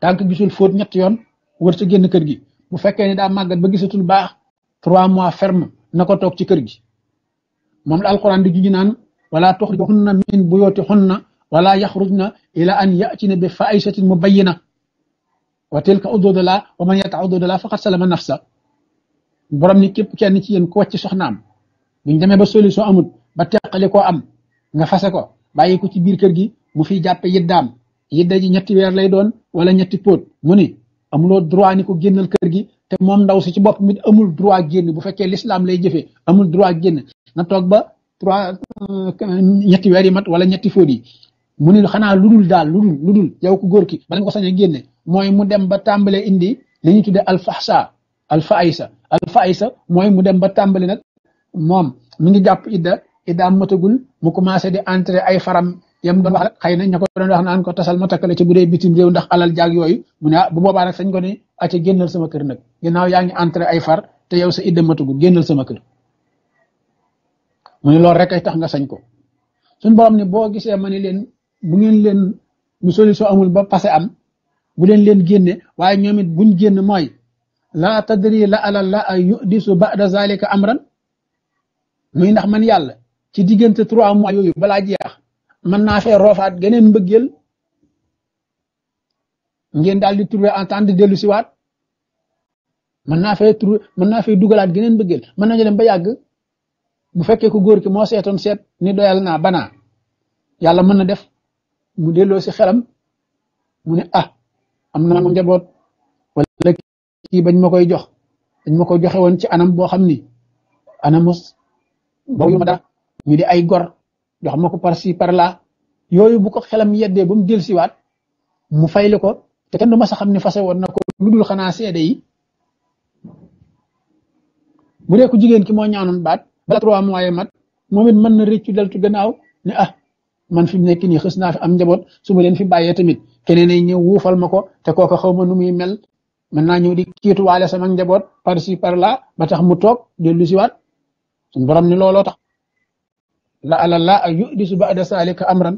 tànk gisul fóot ñett yoon wër sa génn kër gi bu fekkee ni daal màggat ba gisatul baax trois mois ferme na ko toog ci kër gi moom la alquran di juñu naan wala tuxrijuhunna min buyutihunna wala yaxrujna ila an yatina bi faaishatin mubayyina wa tilka ududala wa man yata ududala faqad salama nafsa borom ni képp kenn ci yéen ku wàcc soxnaam buñ demee ba solution amut ba teqale koo am nga fase ko bàyyi ko ci biir kër gi mu fiy jàppe yiddaam idda ji ñetti weer lay doon wala ñetti póot mu ni amuloo droit ni ko génnal kër gi te moom ndaw si ci bopp mit amul droit génne bu fekkee lislaam lay jëfee amul droit génn na toog ba trois euh, ñetti weer yi mat wala ñetti fóot yi mu ni xanaa ludul daal lu ludul yow ku góor ki bala nga ko sañ a génne mooy mu dem ba tàmbalee indi li ñu tuddee alfaxsa alfaaysa alfaaysa mooy mu dem ba tàmbali nag moom mu ngi jàpp idda iddaam matagul mu commencé de entrer ay faram yam doon wax rek xëy na ña ko doon wax naan ko tasal ma takkale ci bu dee bitim réew ndax alal jaag yooyu mu ne ah bu sañ ko ne a génnal sama kër nag ginnaaw yaa ngi entré ay far te yow sa idda matugul génnal sama kër loolu rek ay tax nga sañ ko suñ borom ne boo gisee ma ne leen bu ngeen leen mu solution amul ba passé am bu leen leen génne waaye ñoom it buñ génn mooy la tadri la alal la ay yudisu ba'da zalika amran muy ndax man yàlla ci diggante trois mois yooyu balaa jeex mën naa fee roofaat geneen mbëggeel ngeen daal di trouver entente dellu siwaat mën naa fee trouver mën naa fee dugalaat geneen mbëggeel mën nañu dem ba yàgg bu fekkee ku góor ki moo seetoon seet ni doyal naa banaa yàlla mën na def mu delloo si xelam mu ne ah am naa ma njaboot wala kii bañ ma koy jox dañ ma ko joxe woon ci anam boo xam ni anamus boobu ma dara ñu di ay gor jox ma ko par par là yooyu bu ko xelam yeddee ba mu del siwaat mu fay le ko te kenn du ma sa xam ne fase woon na ko lu dul xanaa seede yi bu dee ko jigéen ki moo ñaanoon baat bala trois mois yi mat moom it mën na réccu deltu gannaaw ne a ah, man fi mu nekk nii xës naa fi am njaboot su ma leen fi bàyyee tamit keneen ay ñëw wuufal ma ko te kooka xaw ma nu muy mel mën naa ñëw di kiituwaale sama njaboot par ci par là ba tax mu toog dellu siwaat suñu borom ni looloo tax لا الله لا yuhdisu ba'da salika amran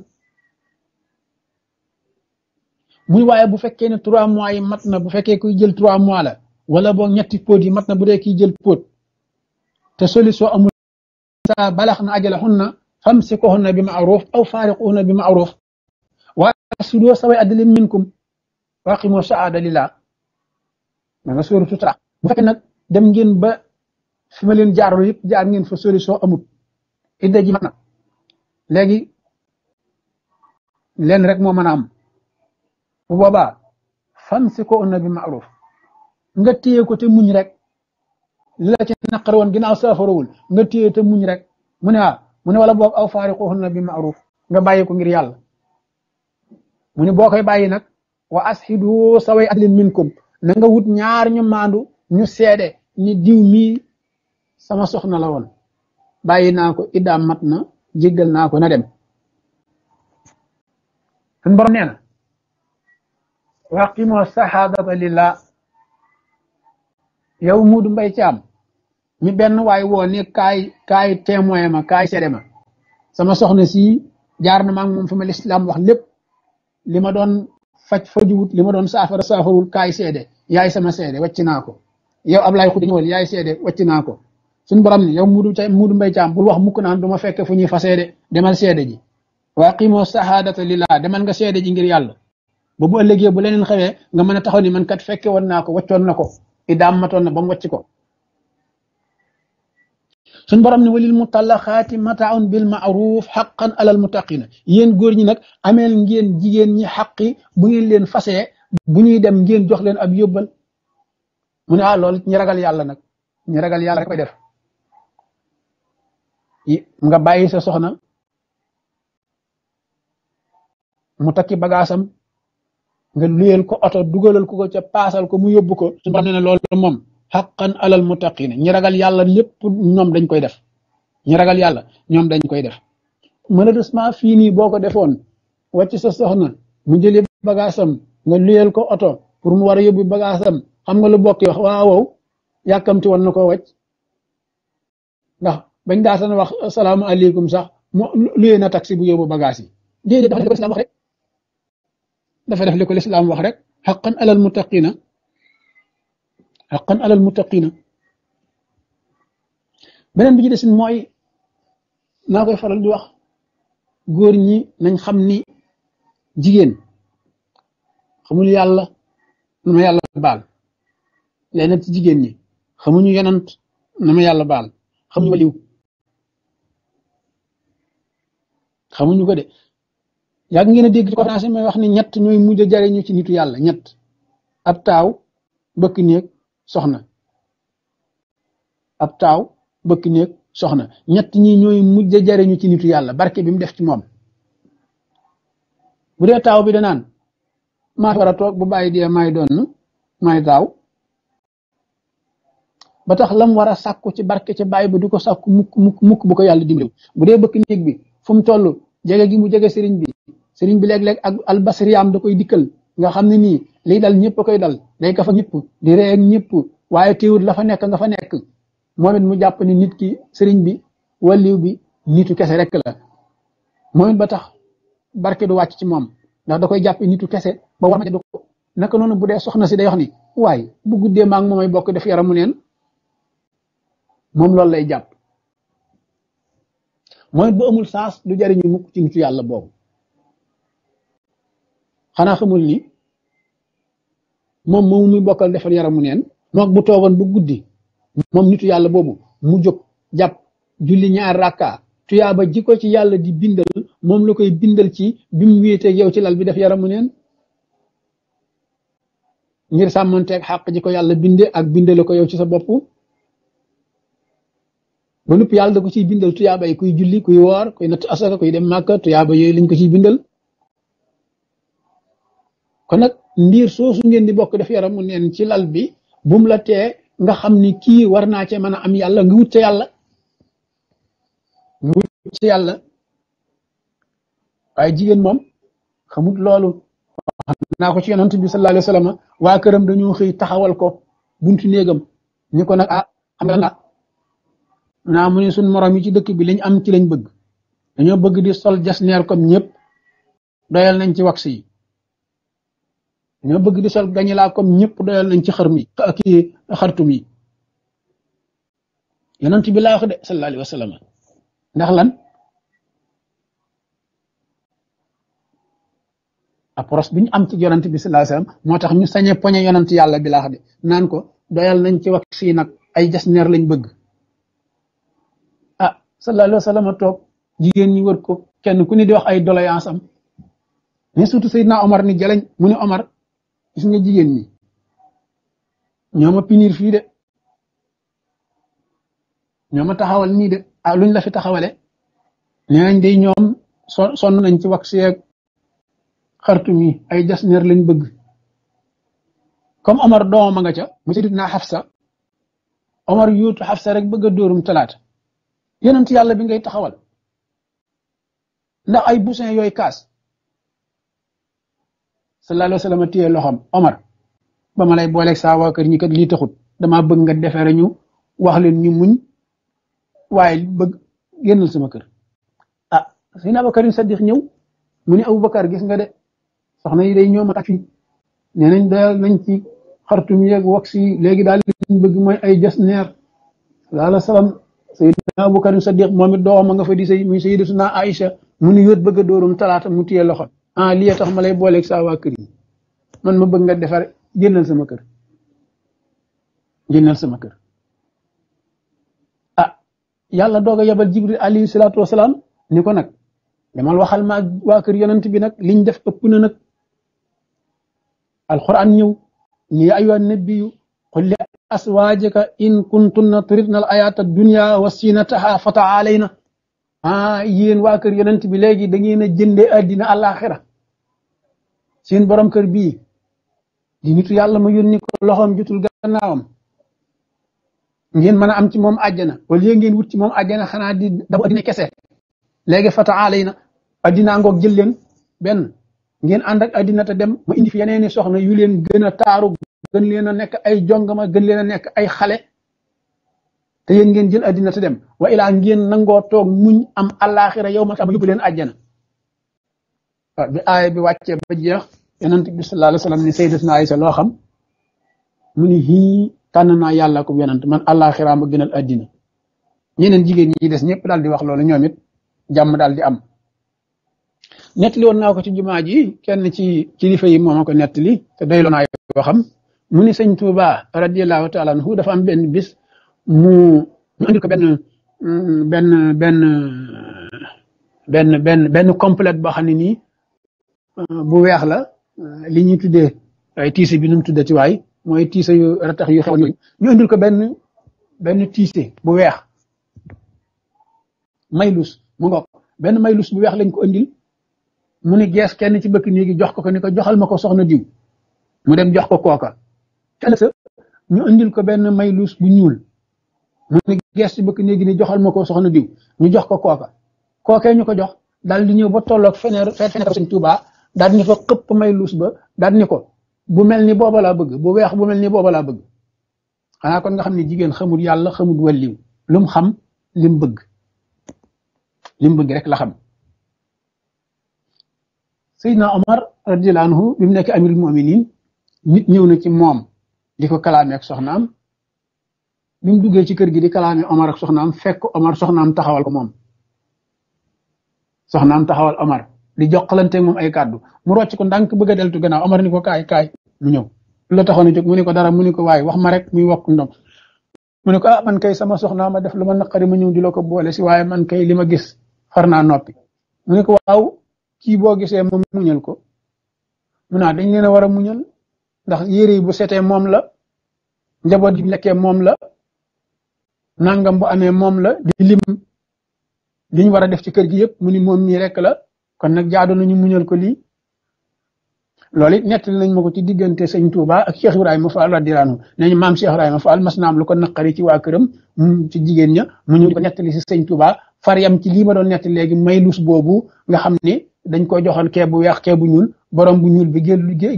muy waaye bu fekkee ne trois mois yi mat na bu fekkee kuy jël trois mois la wala boo ñetti póot yi mat na bu dee kiy jël póot te solution amul saa balax na ajala xunna famsikuhunna bi ma'ruf aw fariquhunna bi ma'ruf wa sudoo saway adlin minkum waqimu saada lillah ma nga sóoru tuta bu fekkee nag dem ngeen ba fi ma leen jaarul yëpp jaar ngeen fa solution amut idda ji na léegi leen rek moo mën a am bu boobaa fam si ko na bi maaruf nga téye ko te muñ rek li la ci naqar woon ginnaaw saafarawul nga téye te muñ rek mu ne ah mu ne wala boobu aw faariquhunna bi maaruf nga bàyyi ko ngir yàlla mu ne boo koy bàyyi nag wa asxidu saway adlin minkum na nga wut ñaar ñu maandu ñu seede ni diw mii sama soxna la woon bàyyi naa ko iddaam mat na jéggal naa ko na dem suñ borom nee na waqimoo saxaadata lillah yow muudu mbay caam mi benn waay woo ne kaay kaay témoin ma kaay seede ma sama soxna si jaar na maag moom fi ma lislaam wax lépp li ma doon faj fajuwut li ma doon saafara saafarawul kaay seede yaay sama seede wàcc naa ko yow Ablaay Xuti ñëwal yaay seede wàcc naa ko sun borom ni yow mudu tay mudu mbay jam bul wax mukk nan duma fekk fu ñi fasé de demal sédé ji wa qimu sahadata lillah demal nga sédé ji ngir yalla bu bu ëllëgé bu leneen xewé nga mëna taxaw ni man kat fekké won nako waccoon nako idam maton na bam wacc ko sun borom ni walil mutallaqati mata'un bil ma'ruf haqqan alal muttaqina yeen goor ñi nak amel ngeen jigen ñi haqqi bu ngeen leen fasé bu ñuy dem ngeen jox leen ab yobbal mu ne ah lool ñi ragal yalla nak ñi ragal yalla koy def nga bàyyi sa soxna mu takki bagaasam nga luyeel ko oto dugalal ko ko ca paasal ko mu yóbbu ko su ne loolu moom xaqan alal mu muttaqin ñi ragal yàlla lépp ñoom dañ koy def ñi ragal yàlla ñoom dañ koy def malheureusement fii nii boo ko defoon wàcc sa soxna mu jëli bagaasam nga luyeel ko oto pour mu war a yóbbu bagaasam xam nga lu bokk wax waawow yàkkamti woon na ko wàcc ndax bañ daa sana wax salaamaaleykum sax mu luyee na taxi bu yóbbu bagage yi déedéet dafa def li ko lislaam wax rek dafa def li ko lislaam wax rek xaqan alal muttaqina xaqan alal muttaqina beneen bi ci des mooy naa koy faral di wax góor ñi nañ xam ni jigéen xamul yàlla na ma yàlla baal leneen ci jigéen ñi xamuñu yonant na ma yàlla baal xamuñu waliw xamuñu ko de yag ngeen a dégg ci conférence may wax ni ñett ñoy mujjé jaré ñu ci nitu yalla ñett ab taw bëkk neek soxna ab taw bëkk neek soxna ñett ñi ñoy mujjé jaré ñu ci nitu yalla barke bi mu def ci mom bu dé taw bi da maa ma a tok bu bàyyi dé may don may taw ba tax lam wara sakku ci barké ci bàyyi bu diko sakku mukk mukk mukk bu ko yalla dimbali bu dé bëkk neek bi fum mu toll jege gi mu jege sëriñ bi sëriñ bi léeg lekk ak albasriyaam da koy dikkal nga xam ne nii lii dal ñëpp a koy dal day ka fa ñëpp di ree ak ñëpp waaye téewut la fa nekk nga fa nekk moom it mu jàpp ni nit ki sëriñ bi wàlliw bi nitu kese rek la moom it ba tax barke du wàcc ci moom ndax da koy jàpp nitu kese ba war du ko naka noonu bu dee soxna si day wax ni waaye bu guddee maa ngi moomay bokk def yaramu neen moom loolu lay jàpp mooy bu amul saas du jariñu mukk ci nitu yàlla boobu xanaa xamul ni moom moom muy bokkal defar yaramu neen mook bu toogoon bu guddi moom nitu yàlla boobu mu jóg jàpp julli ñaar rakka tuyaaba ji ko ci yàlla di bindal moom la koy bindal ci bi mu wéeteeg yow ci lal bi def yaramu neen ngir sàmmanteeg xàq ji ko yàlla binde ak bindale ko yow ci sa bopp ba noppi yàlla da ko ciy bindal tu yi kuy julli kuy woor kuy natt asaka kuy dem màkka tuyaaba yooyu lañ ko ciy bindal kon nag ndiir soosu ngeen di bokk def yaram mu nen ci lal bi bum la tee nga xam ni kii war naa cee mën a am yàlla nga wut ca yàlla nga wut ca yàlla waaye jigéen moom xamut loolu naa ko ci yonent bi sallallahu alayhi wa waa këram dañoo xëy taxawal ko buntu néegam ñu ko nag ah xam nga naa mu ne suñ morom yi ci dëkk bi lañ am ci lañ bëgg dañoo bëgg di sol jasneer comme ñëpp doyal nañ ci wax yi bëgg di sol gañi la comme ñëpp doyal nañ ci xar mi ak xartum yi yonent bi laa wax de sallallahu alayhi wasallam ndax lan approche biñ am ci yonent bi sallallahu alayhi wasallam moo tax ñu sañe poñe yonent yàlla bi laa wax de naan ko doyal nañ ci wax si nag ay jasneer lañ bëgg sallallahu alayhi wa sallam toog jigéen ñi wër ko kenn ku ne di wax ay doléance am mais surtout na Omar ni jaleñ mu Omar gis nga jigéen ñi ñoo ma pinir fii de ñoo ma taxawal nii de ah luñ la fi taxawale nee nañ day ñoom son sonn nañ ci wax yeeg mi ay jasneer lañ bëgg comme Omar doomam a nga ca mu Seydina Hafsa Omar yóotu Hafsa rek bëgg a dóorum talaata yonent yalla bi ngay taxawal ndax ay bousin yooyu kaas sallallahu alayhi wasallam sallam loxam Omar bama lay booleeg sa wa kër ñi kat li taxut dama bëgg nga defeere ñu wax leen ñu muñ waaye bëgg génnal sama kër ah sëñ Abubakar Saddiq ñëw mu ne Abubakar gis nga de soxna yi day ñoom ak fi nee nañ nañ ci xartum yeeg wax si léegi daal li bëgg mooy ay jas neer sallallahu alayhi wasallam sayidina aboubacar sadiq moom it doomam nga fa say muy sayidatuna aïcha mu nu yóot bëgg a talaata mu téye loxo ah lii tax ma lay booleeg saa waa yi man ma bëgg nga defar génnal sama kër génnal sama kër ah yàlla doog a yabal jibril alayhi salaatu wasalaam ni ko nag demal waxal ma waa kër yonent bi nag liñ def ëpp na nag alquran ñëw ni ya ayyuha nabiyu qul aswaajika in kuntunna turidna al ayaata dunya wa zinataha fa taalayna ah yéen waa kër yonent bi léegi da ngeen a jëndee addina àllaaxira seen borom kër bi di nitu yàlla ma yónni ko loxoom jutul gannaawam ngeen mën a am ci moom àjjana wala yéen ngeen wut ci moom àjjana xanaa di dabu addina kese léegi fa taalayna addinaa ngoog jël leen benn ngeen ànd ak addina te dem ma indi fi yeneeni soxna yu leen gën a taaru gën leen a nekk ay jongama gën leen a nekk ay xale te yéen ngeen jël adina te dem wa ila ngeen nangoo toog muñ am alaxira yow ma xam yóbbu leen àjjana ah, bi aaya bi wàccee ba jeex yonent bi sallallahu alayhi wasallam ni sayyidatuna Aisha loo xam mu ni hii tànn naa yàlla ko yonent man alaxira ma gënal àddina ñeneen jigéen ñi des ñëpp daal di wax loolu ñoom it jàmm daal di am netli woon naa ko ci jumaa ji kenn ci kilifa yi moom ko nettali te doylo naa xam mu ni sëñ Touba radiyallahu taala anhu dafa am benn bis mu ñu andil ko benn benn benn benn benn benn complète boo xam ne nii euh, bu weex la li ñuy tuddee ay tiise bi nu mu tuddee ci waay mooy tiise yu ratax yu xew yooyu ñu ko benn benn tiise bu weex maylus mu ngoog benn maylus bu weex lañ ko andil mu ni gees kenn ci bëkk néegi jox ko ko ni ko joxal ma ko soxna diw mu dem jox ko kooka kalasa ñu indil ko benn maylus bu ñuul mu ne gees ci bëkk néegi ni joxal ma ko soxna diw ñu jox ko kooka kookee ñu ko jox daal di ñëw ba tolloog feneer feneer sëñ Tuuba daal ni fa xëpp maylus ba daal ni ko bu mel ni booba laa bëgg bu weex bu mel ni booba laa bëgg xanaa kon nga xam ne jigéen xamul yàlla xamul wàlliw lum xam lim bëgg lim bëgg rek la xam Seydina Omar radiyallahu anhu bi mu nekk amirul muminin nit ñëw na ci moom di ko kalaame ak soxnaam bi mu duggee ci kër gi di kalaame Omar ak soxnaam fekk Omar soxnaam taxawal ko moom soxnaam taxawal Omar di joxalante moom ay kàddu mu rocc ko ndànk bëgga a deltu gannaaw Omar ni ko kaay kaay mu ñëw lu taxoon a jóg mu ni ko dara mu ni ko waaye wax ma rek muy wokk ndom mu ne ko ah man kay sama soxnaa ma def lu ma naqari ma ñëw di la ko boole si waaye man kay li ma gis far naa noppi mu ne ko waaw kii boo gisee moom muñal ko mu naa ah, dañ a war a ndax yére yi bu setee moom la njaboot yi lekkee moom la nangam bu amee moom la di lim li ñu war a def ci kër gi yëpp mu ni moom mii rek la kon nag jaadu nañu muñal ko lii loolu it nettali nañ ma ko ci diggante sëñ Touba ak Cheikh Ibrahima Fall radiyallahu anhu nee nañ maam Cheikh Ibrahima Fall mas na am lu ko naqari ci waa këram ci jigéen ña mu ñu ko nettali si sëñ Touba far yam ci lii ma doon nettali léegi may lus boobu nga xam ni dañ ko joxoon kee bu weex kee ñuul borom bu ñuul bi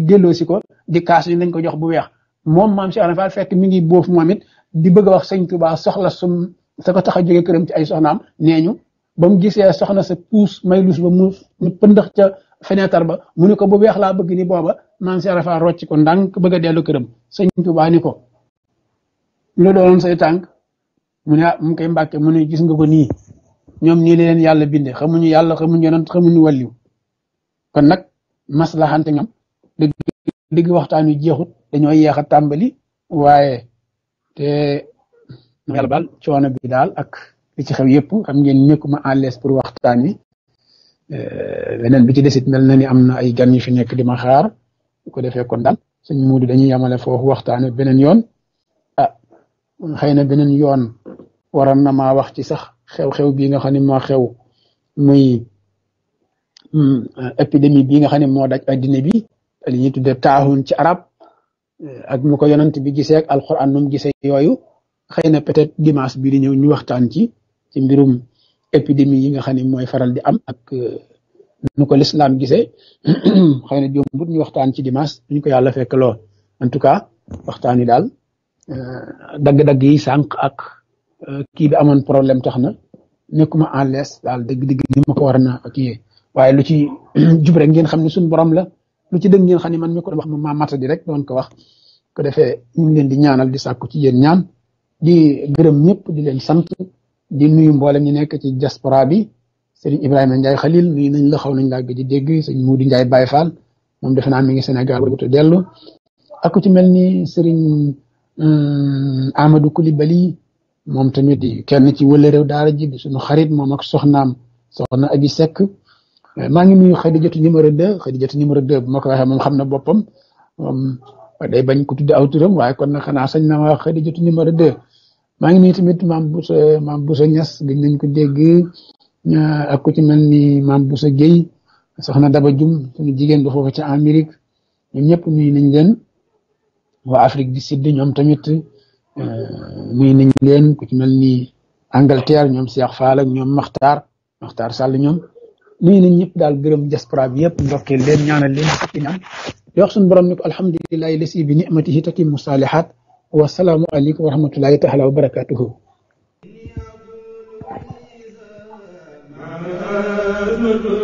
gelo ci ko di kaas ni lañ ko jox bu weex mom maam ci arafat fekk mi ngi boof momit di bëgg wax sëñ Touba soxla sum sa ko tax joge kërëm ci ay soxnaam neñu bam gisé soxna sa puus may lus ba mu ñu pëndax ca fenêtre ba mu ne ko bu weex la bëgg ni boba maam ci arafat rocc ko ndank bëgg a kërëm këram sëñ Touba ni ko lu doon say tank mu ne ah, mu koy mbacké mu ne gis nga ko ni ñom ñi leen yalla bindé xamuñu yalla xamuñu xamuñu waliw kon nak masla ñoom dëgg dëgg waxtaan wi jeexut dañoo yeex a tàmbali waaye te yàlla baal coono bi daal ak li ci xew yëpp xam ngeen nekkuma à l'aise pour waxtaan wi euh, beneen bi ci desit mel na ni am na ay gan yu fi nekk di ma xaar bu ko defee kon daal suñ muudu dañuy yamale foofu waxtaane beneen yoon ah xëy na beneen yoon waroon na maa wax ci sax xew-xew bii nga xam ne maa xew muy Hmm, eh, epidemi bi nga xamne mo daj adina bi li ñi tudde tahun ci arab eh, ak mu ko yonent bi gisee ak alquran num gisee yoyu xeyna na peut-être dimanche bi di ñew ñu waxtaan ci ci mbirum epidemi yi nga xamne moy faral di am ak eh, nu ko l'islam gisee xeyna na bu ñu waxtaan ci dimanche ñu ko yalla fekk lo en tout cas waxtaan yi dal dag dag yi sank ak ki bi amone problème taxna na en l'aise dal deug deug ni mako warna ak yee waaye lu ci jub ngeen xam ne suñu borom la lu ci dëng ngeen xam ne man mi ko doon wax moom maa mata di rek doon ko wax ko defee ñu ngi leen di ñaanal di sàkku ci yéen ñaan di gërëm ñëpp di leen sant di nuyu mboolem ñi nekk ci diaspora bi sëriñ Ibrahima Ndiaye Khalil nuyu nañ la xaw nañ laa gëj di dégg sëñ Moudi Ndiaye Baye Fall moom defe naa mi ngi Sénégal wut dellu ak ku ci mel ni sëriñ euh, Amadou Coulibaly moom tamit kenn ci wële réew daara ji di suñu xarit moom ak soxnaam soxna Abi sekk Euh, maa ngi nuyu Xadijatu numéro 2 Xadijatu numéro 2 bu ma ko xam na boppam euh, bañ ko tudd aw turam waaye kon nag xanaa sañ na wax Xadijatu numéro maa ngi nuyu tamit maam Boussa maam Boussa Niass gëj nañ ko dégg euh, ku ci mel ni maam Boussa Guèye soxna Daba jigéen ba foofu ca Amérique ñoom nañ leen waa Afrique du Sud ñoom tamit nuyu nañ leen ku ci mel ni Angleterre ñoom Cheikh Fall ñoom Makhtar Makhtar Sall ñoom. nuyu nañ ñëpp daal gërëm diaspora bi yëpp ndokkeel leen ñaanal leen fukki ñaan di wax suñu borom ni ko alhamdulilahi lasi bi nicmatihi tatimmu salihat wa salaamu aleykum wa rahmatullahi taala wa barakatuhu Thank you.